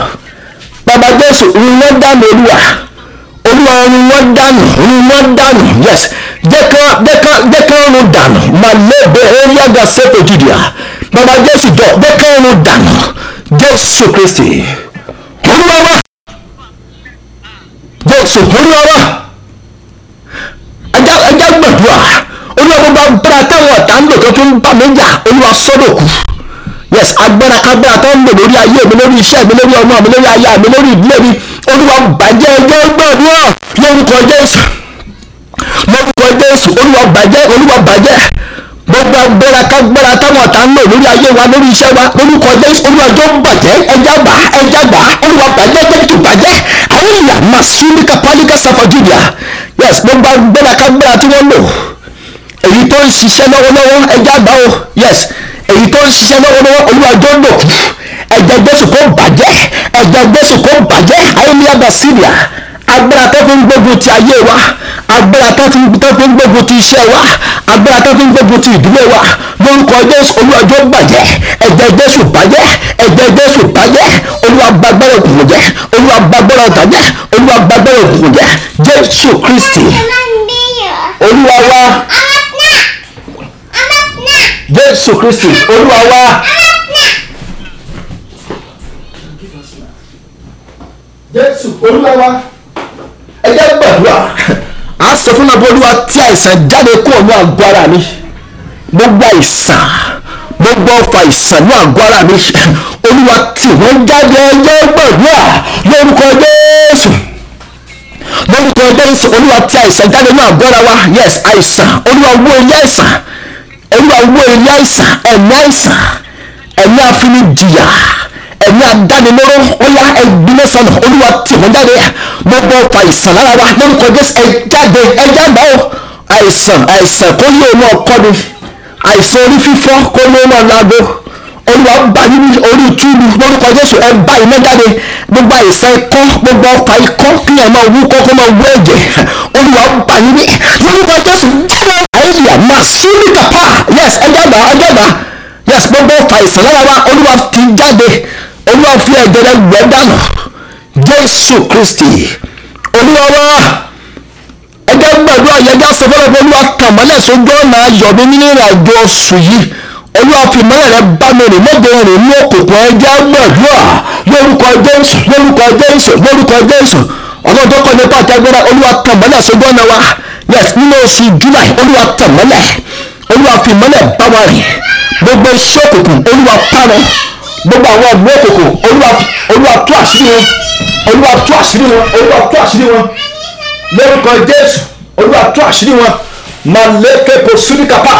baba jésù run wọ́n dànù olúwa olúwa run wọ́n dànù run wọ́n dànù yes jẹ́ kán jẹ́ kán jẹ́ kán run dànù màlẹ́bẹ̀ ẹ̀ríàgà sẹ́tò jìdìá baba jésù jọ jẹ́ kán run dànù jésù kristi olúwa wa jésù olúwa wa ajá ajá gbàdúrà olúwa gbogbo agbára táwọn ọ̀tá ń lò tó tún bá mi jà olúwa sọ́dọ̀ kù yes agbára agbára tó ń lò lórí ayé mi lórí iṣẹ́ mi lórí ọmọ mi lórí aya mi lórí ìdílé mi olúwa bàjẹ́ ẹjọ́ gbàdúrà lórúkọ jésù lórúkọ jésù olúwa bàjẹ́ olúwa bàjẹ́ gbogbo agbára kágbára táwọn tá ń lò lórí ayé wa lórí iṣẹ́ wa lórúkọ jésù olúwa jọ bàjẹ́ ẹjá gbà ẹjá gbà olúwa bàjẹ́ jẹ́ kí bàjẹ́ àyàyà màsílíkà pálíkà sáfà jùlọ yes gbogbo agbára kágbára tí wọ́n lò èyí tó ń yes èyí tó ń ṣe lọ́wọ́lọ́wọ́ olúwa jọ́ńdò ẹ̀jẹ̀ jésù bàjẹ́ ẹ̀jẹ̀ jésù kó bàjẹ́ àìníyàgbà síríà agbára tó fi ń gbógun ti ayé wa agbára tó fi ń gbógun ti iṣẹ́ wa agbára tó fi ń gbógun ti ìdílé wa lórúkọ jésù olúwa jọ̀ọ́ bàjẹ́ ẹ̀jẹ̀ bàjẹ́ ẹ̀jẹ̀ bàjẹ́ olúwa gba agbára jẹ́ olúwa gba agbára jẹ́ olúwa gba agbára jẹ́ jésù kristi olúwa wa jésù kristi olúwa wá. jésù olúwa wá ẹ jẹ́ gbàdúrà à ń sọ fún mi pé olúwa tí àìsàn jáde kúrò ní àgọ́ ara mi gbogbo àìsàn gbogbo ọfà àìsàn ní àgọ́ ara mi olúwa tí wọ́n jáde ẹ jẹ́ gbàdúrà lórúkọ jésù lórúkọ jésù olúwa tí àìsàn jáde ní àgọ́ ara wa yes àìsàn olúwa wó ilé àìsàn ẹ̀yin àwọ̀ ẹ̀mí àìsàn ẹ̀mí àìsàn ẹ̀mí àfinijìyà ẹ̀mí àdánilóró ó yá ẹ̀gbìnlẹ̀ sọnù olúwa tì wọ́n jáde gbogbo ọkọ̀ àìsàn lára wa lórúkọ jésù ẹ̀ jáde ẹ̀ jáde o àìsàn àìsàn kó yóò náà kọ́ ni àìsàn orí fífọ́ kó yóò náà lágbo olúwa bá yín ní orí túlù lórúkọ jésù ẹ bá iná jáde gbogbo àìsàn ikọ́ gbogbo ọkọ̀ ikọ́ kí ẹ máa wú kọ́ kó máa wú ẹ̀jẹ̀ olúwa bá yín ní lórúkọ jésù lára yasibọ́gbọ́ fa ìsàn lára wa olúwa ti jáde olúwa fi ẹ̀jẹ̀ rẹ̀ wẹ̀ dànù jésù kristi olúwa wa ẹjẹ́ gbàdúrà yẹjẹ́ sọ fọlọ́ fún olúwa tàn mọ́lẹ̀ sójú ọ̀nà ayọ̀ mi nínú ìrìnàjò oṣù yìí olúwa fi mọ́lẹ̀ rẹ bá mi rìn mọ́tò rìn ní òkùnkùn ẹjẹ́ gbàdúrà lórúkọ jésù lórúkọ jésù lórúkọ jésù ọlọ́run tó kọ́ nípa àtẹ́gbẹ́rẹ́ olúwa tàn mọ́lẹ̀ sójú ọ̀nà wa yẹs nínú oṣù july olúwa tàn mọ́lẹ̀ olúwa fi ìmọ́lẹ̀ bá wa rìn gbogbo iṣẹ́ òkùnkùn olúwa parun gbogbo àwọn ẹ̀mí òkùnkùn olúwa tú àṣírí wọn olúwa tú àṣírí wọn olúwa tú àṣírí wọn lórúkọ jésù olúwa tú àṣírí wọn màlẹ́kẹ́ kò súnìkàpá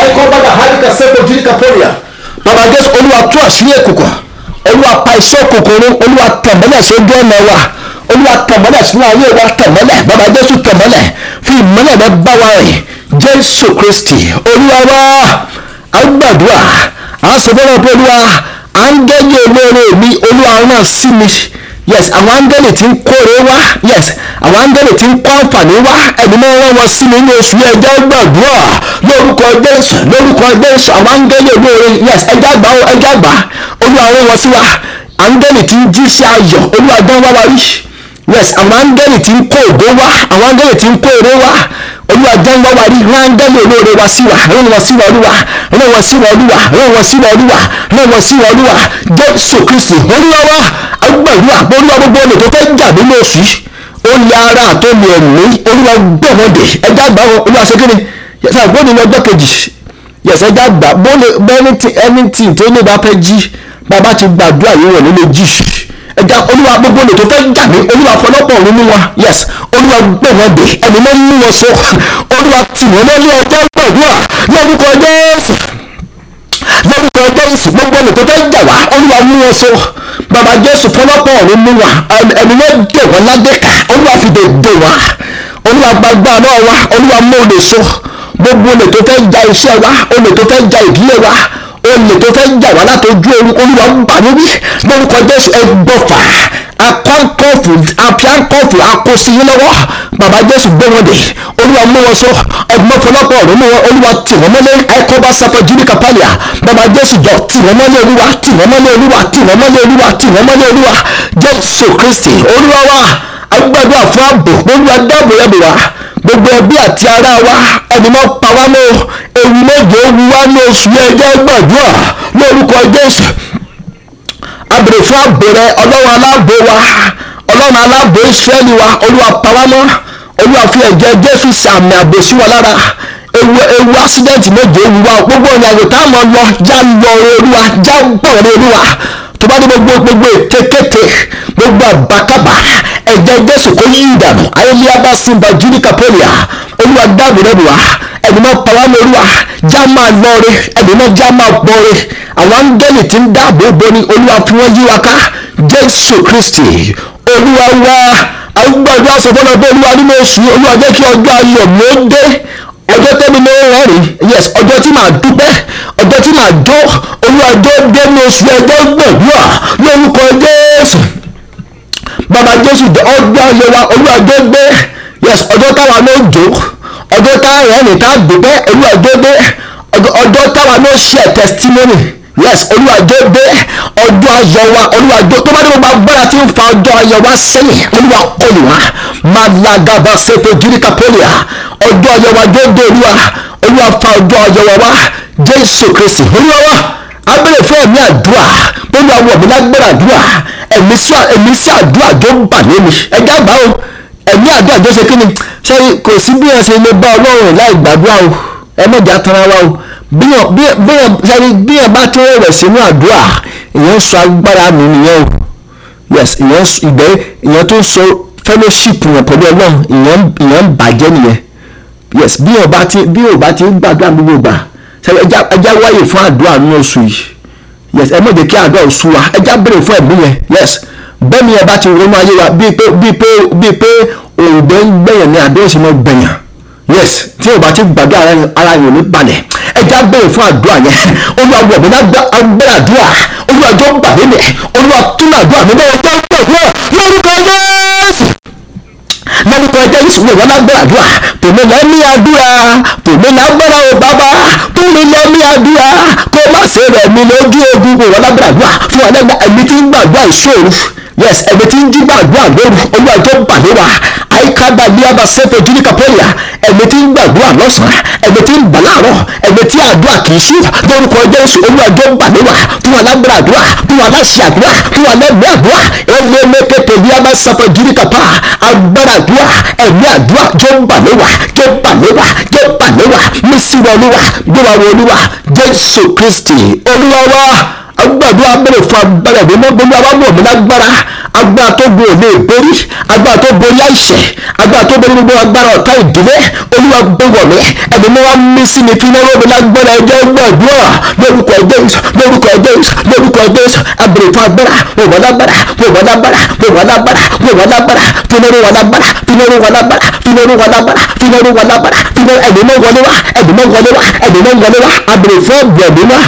àìkọ́gbàgà hàríkà sẹ́kọ̀ jìríkàpọ̀lìyà bàbá jésù olúwa tú àṣírí òkùnkùn olúwa pa iṣẹ́ òkùnkùn olúwa tẹ̀mẹ́lẹ̀ sójú ọ̀nà wa olúwa tẹ̀mọ́lẹ̀ sínú ayé wa tẹ̀mọ́lẹ̀ bàbá jésù tẹ̀mọ́lẹ̀ fi ìmọ́lẹ̀ rẹ bá wa rìn jésù kristi olúwa wa à ń gbàdúrà à ń sọfọ́nà pé olúwa à ń gẹ́gẹ́ olóore mi olúwa rán sí mi yes àwọn áńgẹ́lì tí ń kóre wá yes àwọn áńgẹ́lì tí ń kó àǹfààní wá ẹ̀mí máa ń rán wọn sí mi ní oṣù yẹn ẹjẹ́ gbàdúrà lórúkọ jésù lórúkọ jésù àwọn áńgẹ́lì olóore yes ẹjẹ́ àgbà ẹjẹ́ àgbà olúwa rán wọn sí wa áńgẹ́lì tí ń jíṣẹ́ ayọ̀ olúwa dán wá wa rí yes àwọn áńgẹ́lì tí ń kó ògo wá àwọn áńgẹ́lì tí ń kó èrè wá olúwa jẹ́ńgbọ́n wa rí àwọn áńgẹ́lì olóore wa sí wa rán wọn sí wa olúwa rán wọn sí wa olúwa rán wọn sí wa olúwa rán wọn sí wa olúwa jésù kristi olúwa wa agbàdúrà olúwa gbogbo ọ̀nà tó fẹ́ jà nínú òṣì ó lé ara àtó mi ẹ̀mí olúwa gbọ̀mọdé ẹja àgbà wọn olúwa ṣe kí ni yẹsẹ àgbọn nínú ọjọ́ kejì yẹsẹ ẹja àgbà bẹ́ẹ̀ ni tí ẹni tí tó ní bá fẹ́ jí bàbá ti gbàdúrà ẹja olúwa gbogbo olè tó fẹ́ jà mí olúwa fọlọ́pọ̀ ọ̀run mú wọn yes olúwa gbẹ̀ wọ́n dé ẹ̀mí mọ́ mú wọn fọ́ olúwa tì wọ́n mọ́ ọjọ́ gbàdúrà lórúkọ jésù lórúkọ jésù gbogbo olè tó fẹ́ jà wá olúwa mú wọn fọ́ bàbá jésù fọlọ́pọ̀ ọ̀run mú wọn ẹ̀mí mọ́ dẹ̀ wọ́n ládé olúwa fi dè dè wá olúwa gbàgbà náà wá olúwa mú olè fọ́ gbogbo olè tó fẹ́ ja iṣẹ́ wa olè tó fẹ́ ja ìdílé wa olè tó fẹ́ jà wá látọjú orúkọ olúwa ń bà níbí lórúkọ jésù ẹgbọ́fà apankọ́fù apiankọ́fù akosiyín lọ́wọ́ bàbá jésù gbé wọn dé olúwa mú wọn so ẹgbọ́n fọlọ́pọ̀ ọ̀rọ̀ mú wọn olúwa tì wọ́n mọ́lẹ̀ àìkọ́bá sapọ̀ jùlọ kàpálíà bàbá jésù jọ tì wọ́n mọ́lẹ̀ olúwa tì wọ́n mọ́lẹ̀ olúwa tì wọ́n mọ́lẹ̀ olúwa tì wọ́n mọ́lẹ̀ olúwa jésù kristi olúwa wa agbádùn àfọ àbò olúwa dáàbò ẹ̀bùn wa gbogbo ẹbí àti ará wa ẹni mọ́ pa wá lọ ewu mọ́jọ wu wá ní oṣù yẹn jẹ́ gbàdúrà lórúkọ Jésù abèrè fún ààbò rẹ ọlọ́run aláàbò wa ọlọ́run aláàbò ìṣẹ́ni wa olúwa pa wá mọ́ olúwa fi ẹ̀jẹ̀ Jésù sàmì ààbò sí wa lára ewu ewu accident méje ewu wa gbogbo ìrìnàjò táwọn lọ já lọ olúwa já pàrọ̀ olúwa tó bá ní gbogbo gbogbo ètekéte gbogbo àbákàbà ẹ̀jẹ̀ jésù kó yí ìdààmú ayélujára simba júlí kapolia olúwa dáàbò rẹ bù wá ẹ̀mí náà pa wá lórúwa já máa lọ́ọ̀rẹ́ ẹ̀mí náà já máa pọ́ọ̀rẹ́ àwọn áńgẹ́lì tí ń dáàbò bo ni olúwa fún wọn yí wa ká jésù kristi olúwa wá àwùgbàdúrà sọfọlọ bẹ olúwa nínú oṣù olúwa jẹ́ kí ọjọ́ ayọ̀ mọ́ dé ọjọ́ tẹ́mi ló ń rọrùn yes ọjọ́ tí màá dúpẹ́ ọjọ́ tí màá jó olúwa jó dé ní oṣù ẹjọ́ gbẹ̀dúrà lórúkọ jésù bàbá jésù ọgbẹ́ ayé wa olúwàjọ́ gbé yes ọjọ́ táwa ló ń jó ọjọ́ táwa rẹ̀ ní ká gbé olúwàjọ́ gbé ọjọ́ táwa ló ṣe testimony yes olúwàjọ́ gbé ọjọ́ ayọ̀ wa olúwàjọ́ tó bá dé gbogbo agbára tí ń fa ọjọ́ ayọ̀ wa sẹ́yìn olúwa kọlù wa malagaba seto jirika polia ọjọ́ ayọ̀ wa jọgbé olúwa olúwa fa ọjọ́ ayọ̀ wa wá jésù kristu olúwa wa abẹ́rẹ́ fún ẹ̀mí àdúrà olúwa wọ̀ mí lágbára àdúrà ẹ̀mí sí ẹ̀mí sí àdúrà tó bà mí ni ẹ̀já bá o ẹ̀mí àdúrà tó ṣe kí ni sọ́rí kò sí bí ẹ ṣe lè bá ọlọ́run láì gbàdúrà o ẹ mọ̀jà tanra wa o bí ẹ bá tó rẹ̀ sínú àdúrà ìyẹn sọ agbára mi nìyẹn o yes ìyẹn ìgbẹ́ ìyẹn tó sọ fellowship yẹn pẹ̀lú ọlọ́run ìyẹn ń bàjẹ́ nìyẹn yes bí ọba ti bí ọba ti gbàdúrà gbogbo gbà ẹja wáyè fún àdúrà nínú oṣù yìí yes ẹ má jẹ́ kí àdúrà sú wa ẹ já béèrè fún ẹ̀mí yẹn yes bẹ́ẹ̀ni ẹ bá ti ronú ayé wa bíi pé bíi pé bíi pé òǹdẹ ń gbẹ̀yàn ní àdúrà sì máa gbẹ̀yàn yes tí o bá ti gbàdúrà ara yẹn ní balẹ̀ ẹ já béèrè fún àdúrà yẹn olúwa wọ̀ mí lágbára àdúrà olúwa jọ gbàgbé mi olúwa túnú àdúrà mi bá wọn gbàgbé lórúkọ yẹn lórúkọ jésù ni wọn lágbára àdúrà tòmí lọ ní tòmí lágbára o bàbá tómi lọ ní kó má ṣe rẹ̀ mi lójú ogun ni wọn lágbára àdúrà fún ọlẹ́gbà ẹni tí ń gbàdúrà ìṣòro yes ẹni tí ń jí gbàdúrà lóru olúwa tó gbàdúrà agbàgbé abàfẹ́tẹ̀ jírí kapẹ́lìà ẹ̀mí tí ń gbàdúrà lọ́sàn-án ẹ̀mí tí ń bà láàárọ̀ ẹ̀mí tí àdúrà kì í sí lórúkọ jésù olúwàjọ ń bà níwà tí wọn lágbára àdúrà tí wọn aláṣẹ àdúrà tí wọn lẹ́mí àdúrà ẹ̀mí mẹ́kẹ́tẹ̀ bí abàfẹ́tẹ̀ jírí kapá agbára àdúrà ẹ̀mí àdúrà jọ ń bà níwà jọ ń bà níwà jọ ń bà mí sí wa olúwa gbé wa wọ olúwa jésù kristi olúwa wa agbàdúrà bẹ̀rẹ̀ fún agbára ìgbóná gbóná wa lò mí lágbára agbára tó gbé òde ìborí agbára tó borí àìsẹ̀ agbára tó borí gbogbo agbára ọ̀tá ìdílé olúwa gbẹ̀wọ̀ mi ẹ̀mí mi wá mí sí mi kí lọ́wọ́ mi lágbára ẹjẹ́ gbàdúrà lórúkọ ẹjẹ́ lórúkọ ẹjẹ́ lórúkọ ẹjẹ́ abèrè fún agbára wọ̀wọ̀ lágbára wọ̀wọ̀ lágbára wọ̀wọ̀ lágbára wọ̀wọ̀ lágbára finoro wà lágbára finoro wà lágbára finoro wà lágbára finoro wà lágbára finoro ẹ̀mí mọ́ wọlé wá ẹ̀mí mọ́ wọlé wá ẹ̀mí mọ́ wọlé wá abèrè fún ẹ̀bùn ẹ̀mí mọ́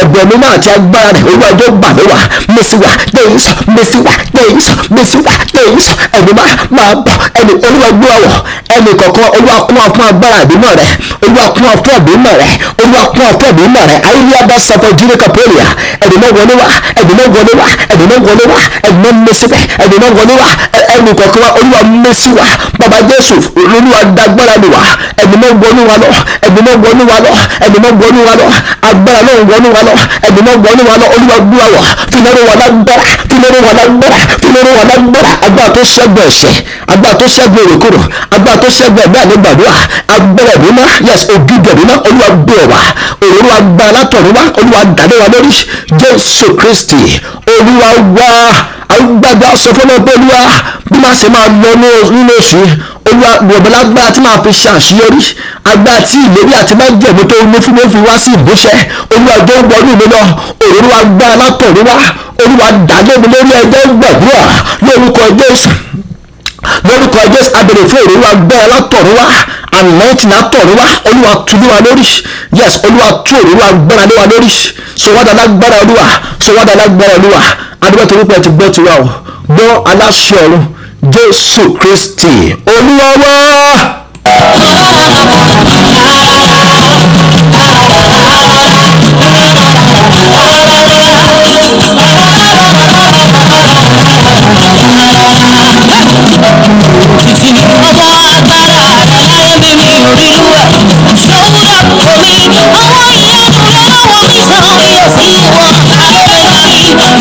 ẹ̀bùn ẹ̀mí mọ́ àti agbára agbára rẹ̀ olúwa yóò gbà mí wá mèsì wá tẹ̀yìn sọ mèsì wá tẹ̀yìn sọ mèsì wá tẹ̀yìn sọ ẹ̀mí má máa bọ̀ ẹ̀mí olúwa gbé ọ̀wọ̀ ẹ̀mí kọ̀ọ̀kan olúwa kún wa fún agbára ìbímọ rẹ̀ olúwa kún wa fún ìbímọ rẹ̀ olúwa kún wa fún ìbímọ rẹ̀ ayélujára sọ̀tọ̀ jíire kapolia ẹ̀mí náà wọlé wá ẹ̀mí náà wọlé wá ẹ̀mí náà wọlé wá ẹ̀mí náà mèsì bẹ̀ ẹ̀mí náà wọlé wá ẹ̀mí kọ̀ọ̀kan olúwa mèsì wá bàbá jésù olúwa dágbára lù wá ẹ̀mí náà wọnú wa lọ ẹ̀mí náà wọnú wa lọ ẹ̀mí náà wọnú wa lọ agbára náà wọnú wa lọ ẹ̀mí náà wọnú olúwa náà olúwa gbúra wá tìlérò wà lágbára tìlérò wà lágbára tìlérò wà lágbára agbára tó ṣẹ́gun ẹ̀ṣẹ̀ agbára tó ṣẹ́gun èrèkúrò agbára tó ṣẹ́gun ẹ̀dá ní gbàdúrà agbára mímá yes ògidì mímá olúwa gbé wa òróró agbára látọ̀run wá olúwa dàdé wa lórí jésù kristi olúwa wá agbára sọ fún ọmọ pé olúwa bí má ṣe máa lọ nínú oṣù olúwa wọ̀bẹ̀ lágbára tí màá fi ṣe àṣeyọrí agbára tí ìlérí àti májẹ̀mú tó ní fún mi fi wá sí ìbúṣẹ olúwa jẹ́ ń wọnú mi lọ òróró agbára látọ̀rọ̀ wá olúwa dàgé mi lórí ẹjẹ́ gbàdúrà lórúkọ jésù lórúkọ jésù abèrè fún òróró agbára látọ̀rọ̀ wá anointing àtọ̀rọ̀ wá olúwa tùlú wa lórí yes olúwa tú òróró agbára lé wa lórí sọwádà lágbára olúwa sọwádà lágbára olúwa adúgbò torí pé ẹ jésù kristi olúwa wá. títí ní ọgbà agbára ẹni ní ìrírú ẹ ṣọwọ́ orí àwọn ìyẹn kúrò àwọn ìfọwọ́ ìyẹn fún wa titi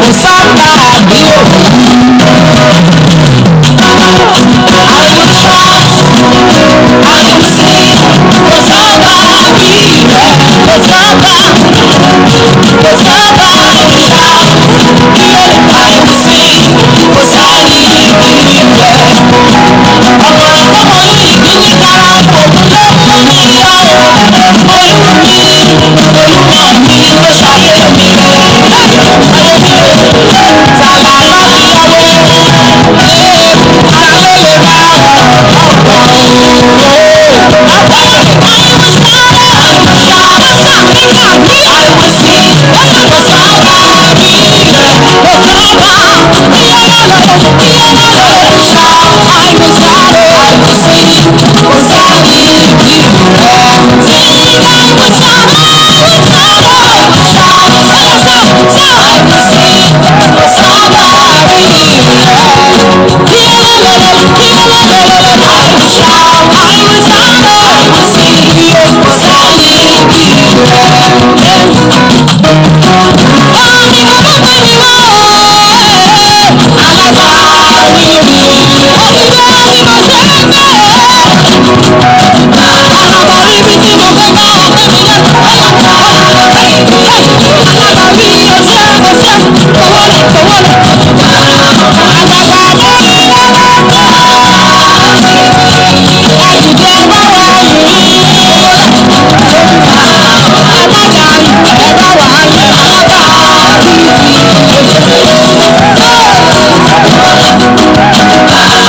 Musa Bahadiyo. Come on! oh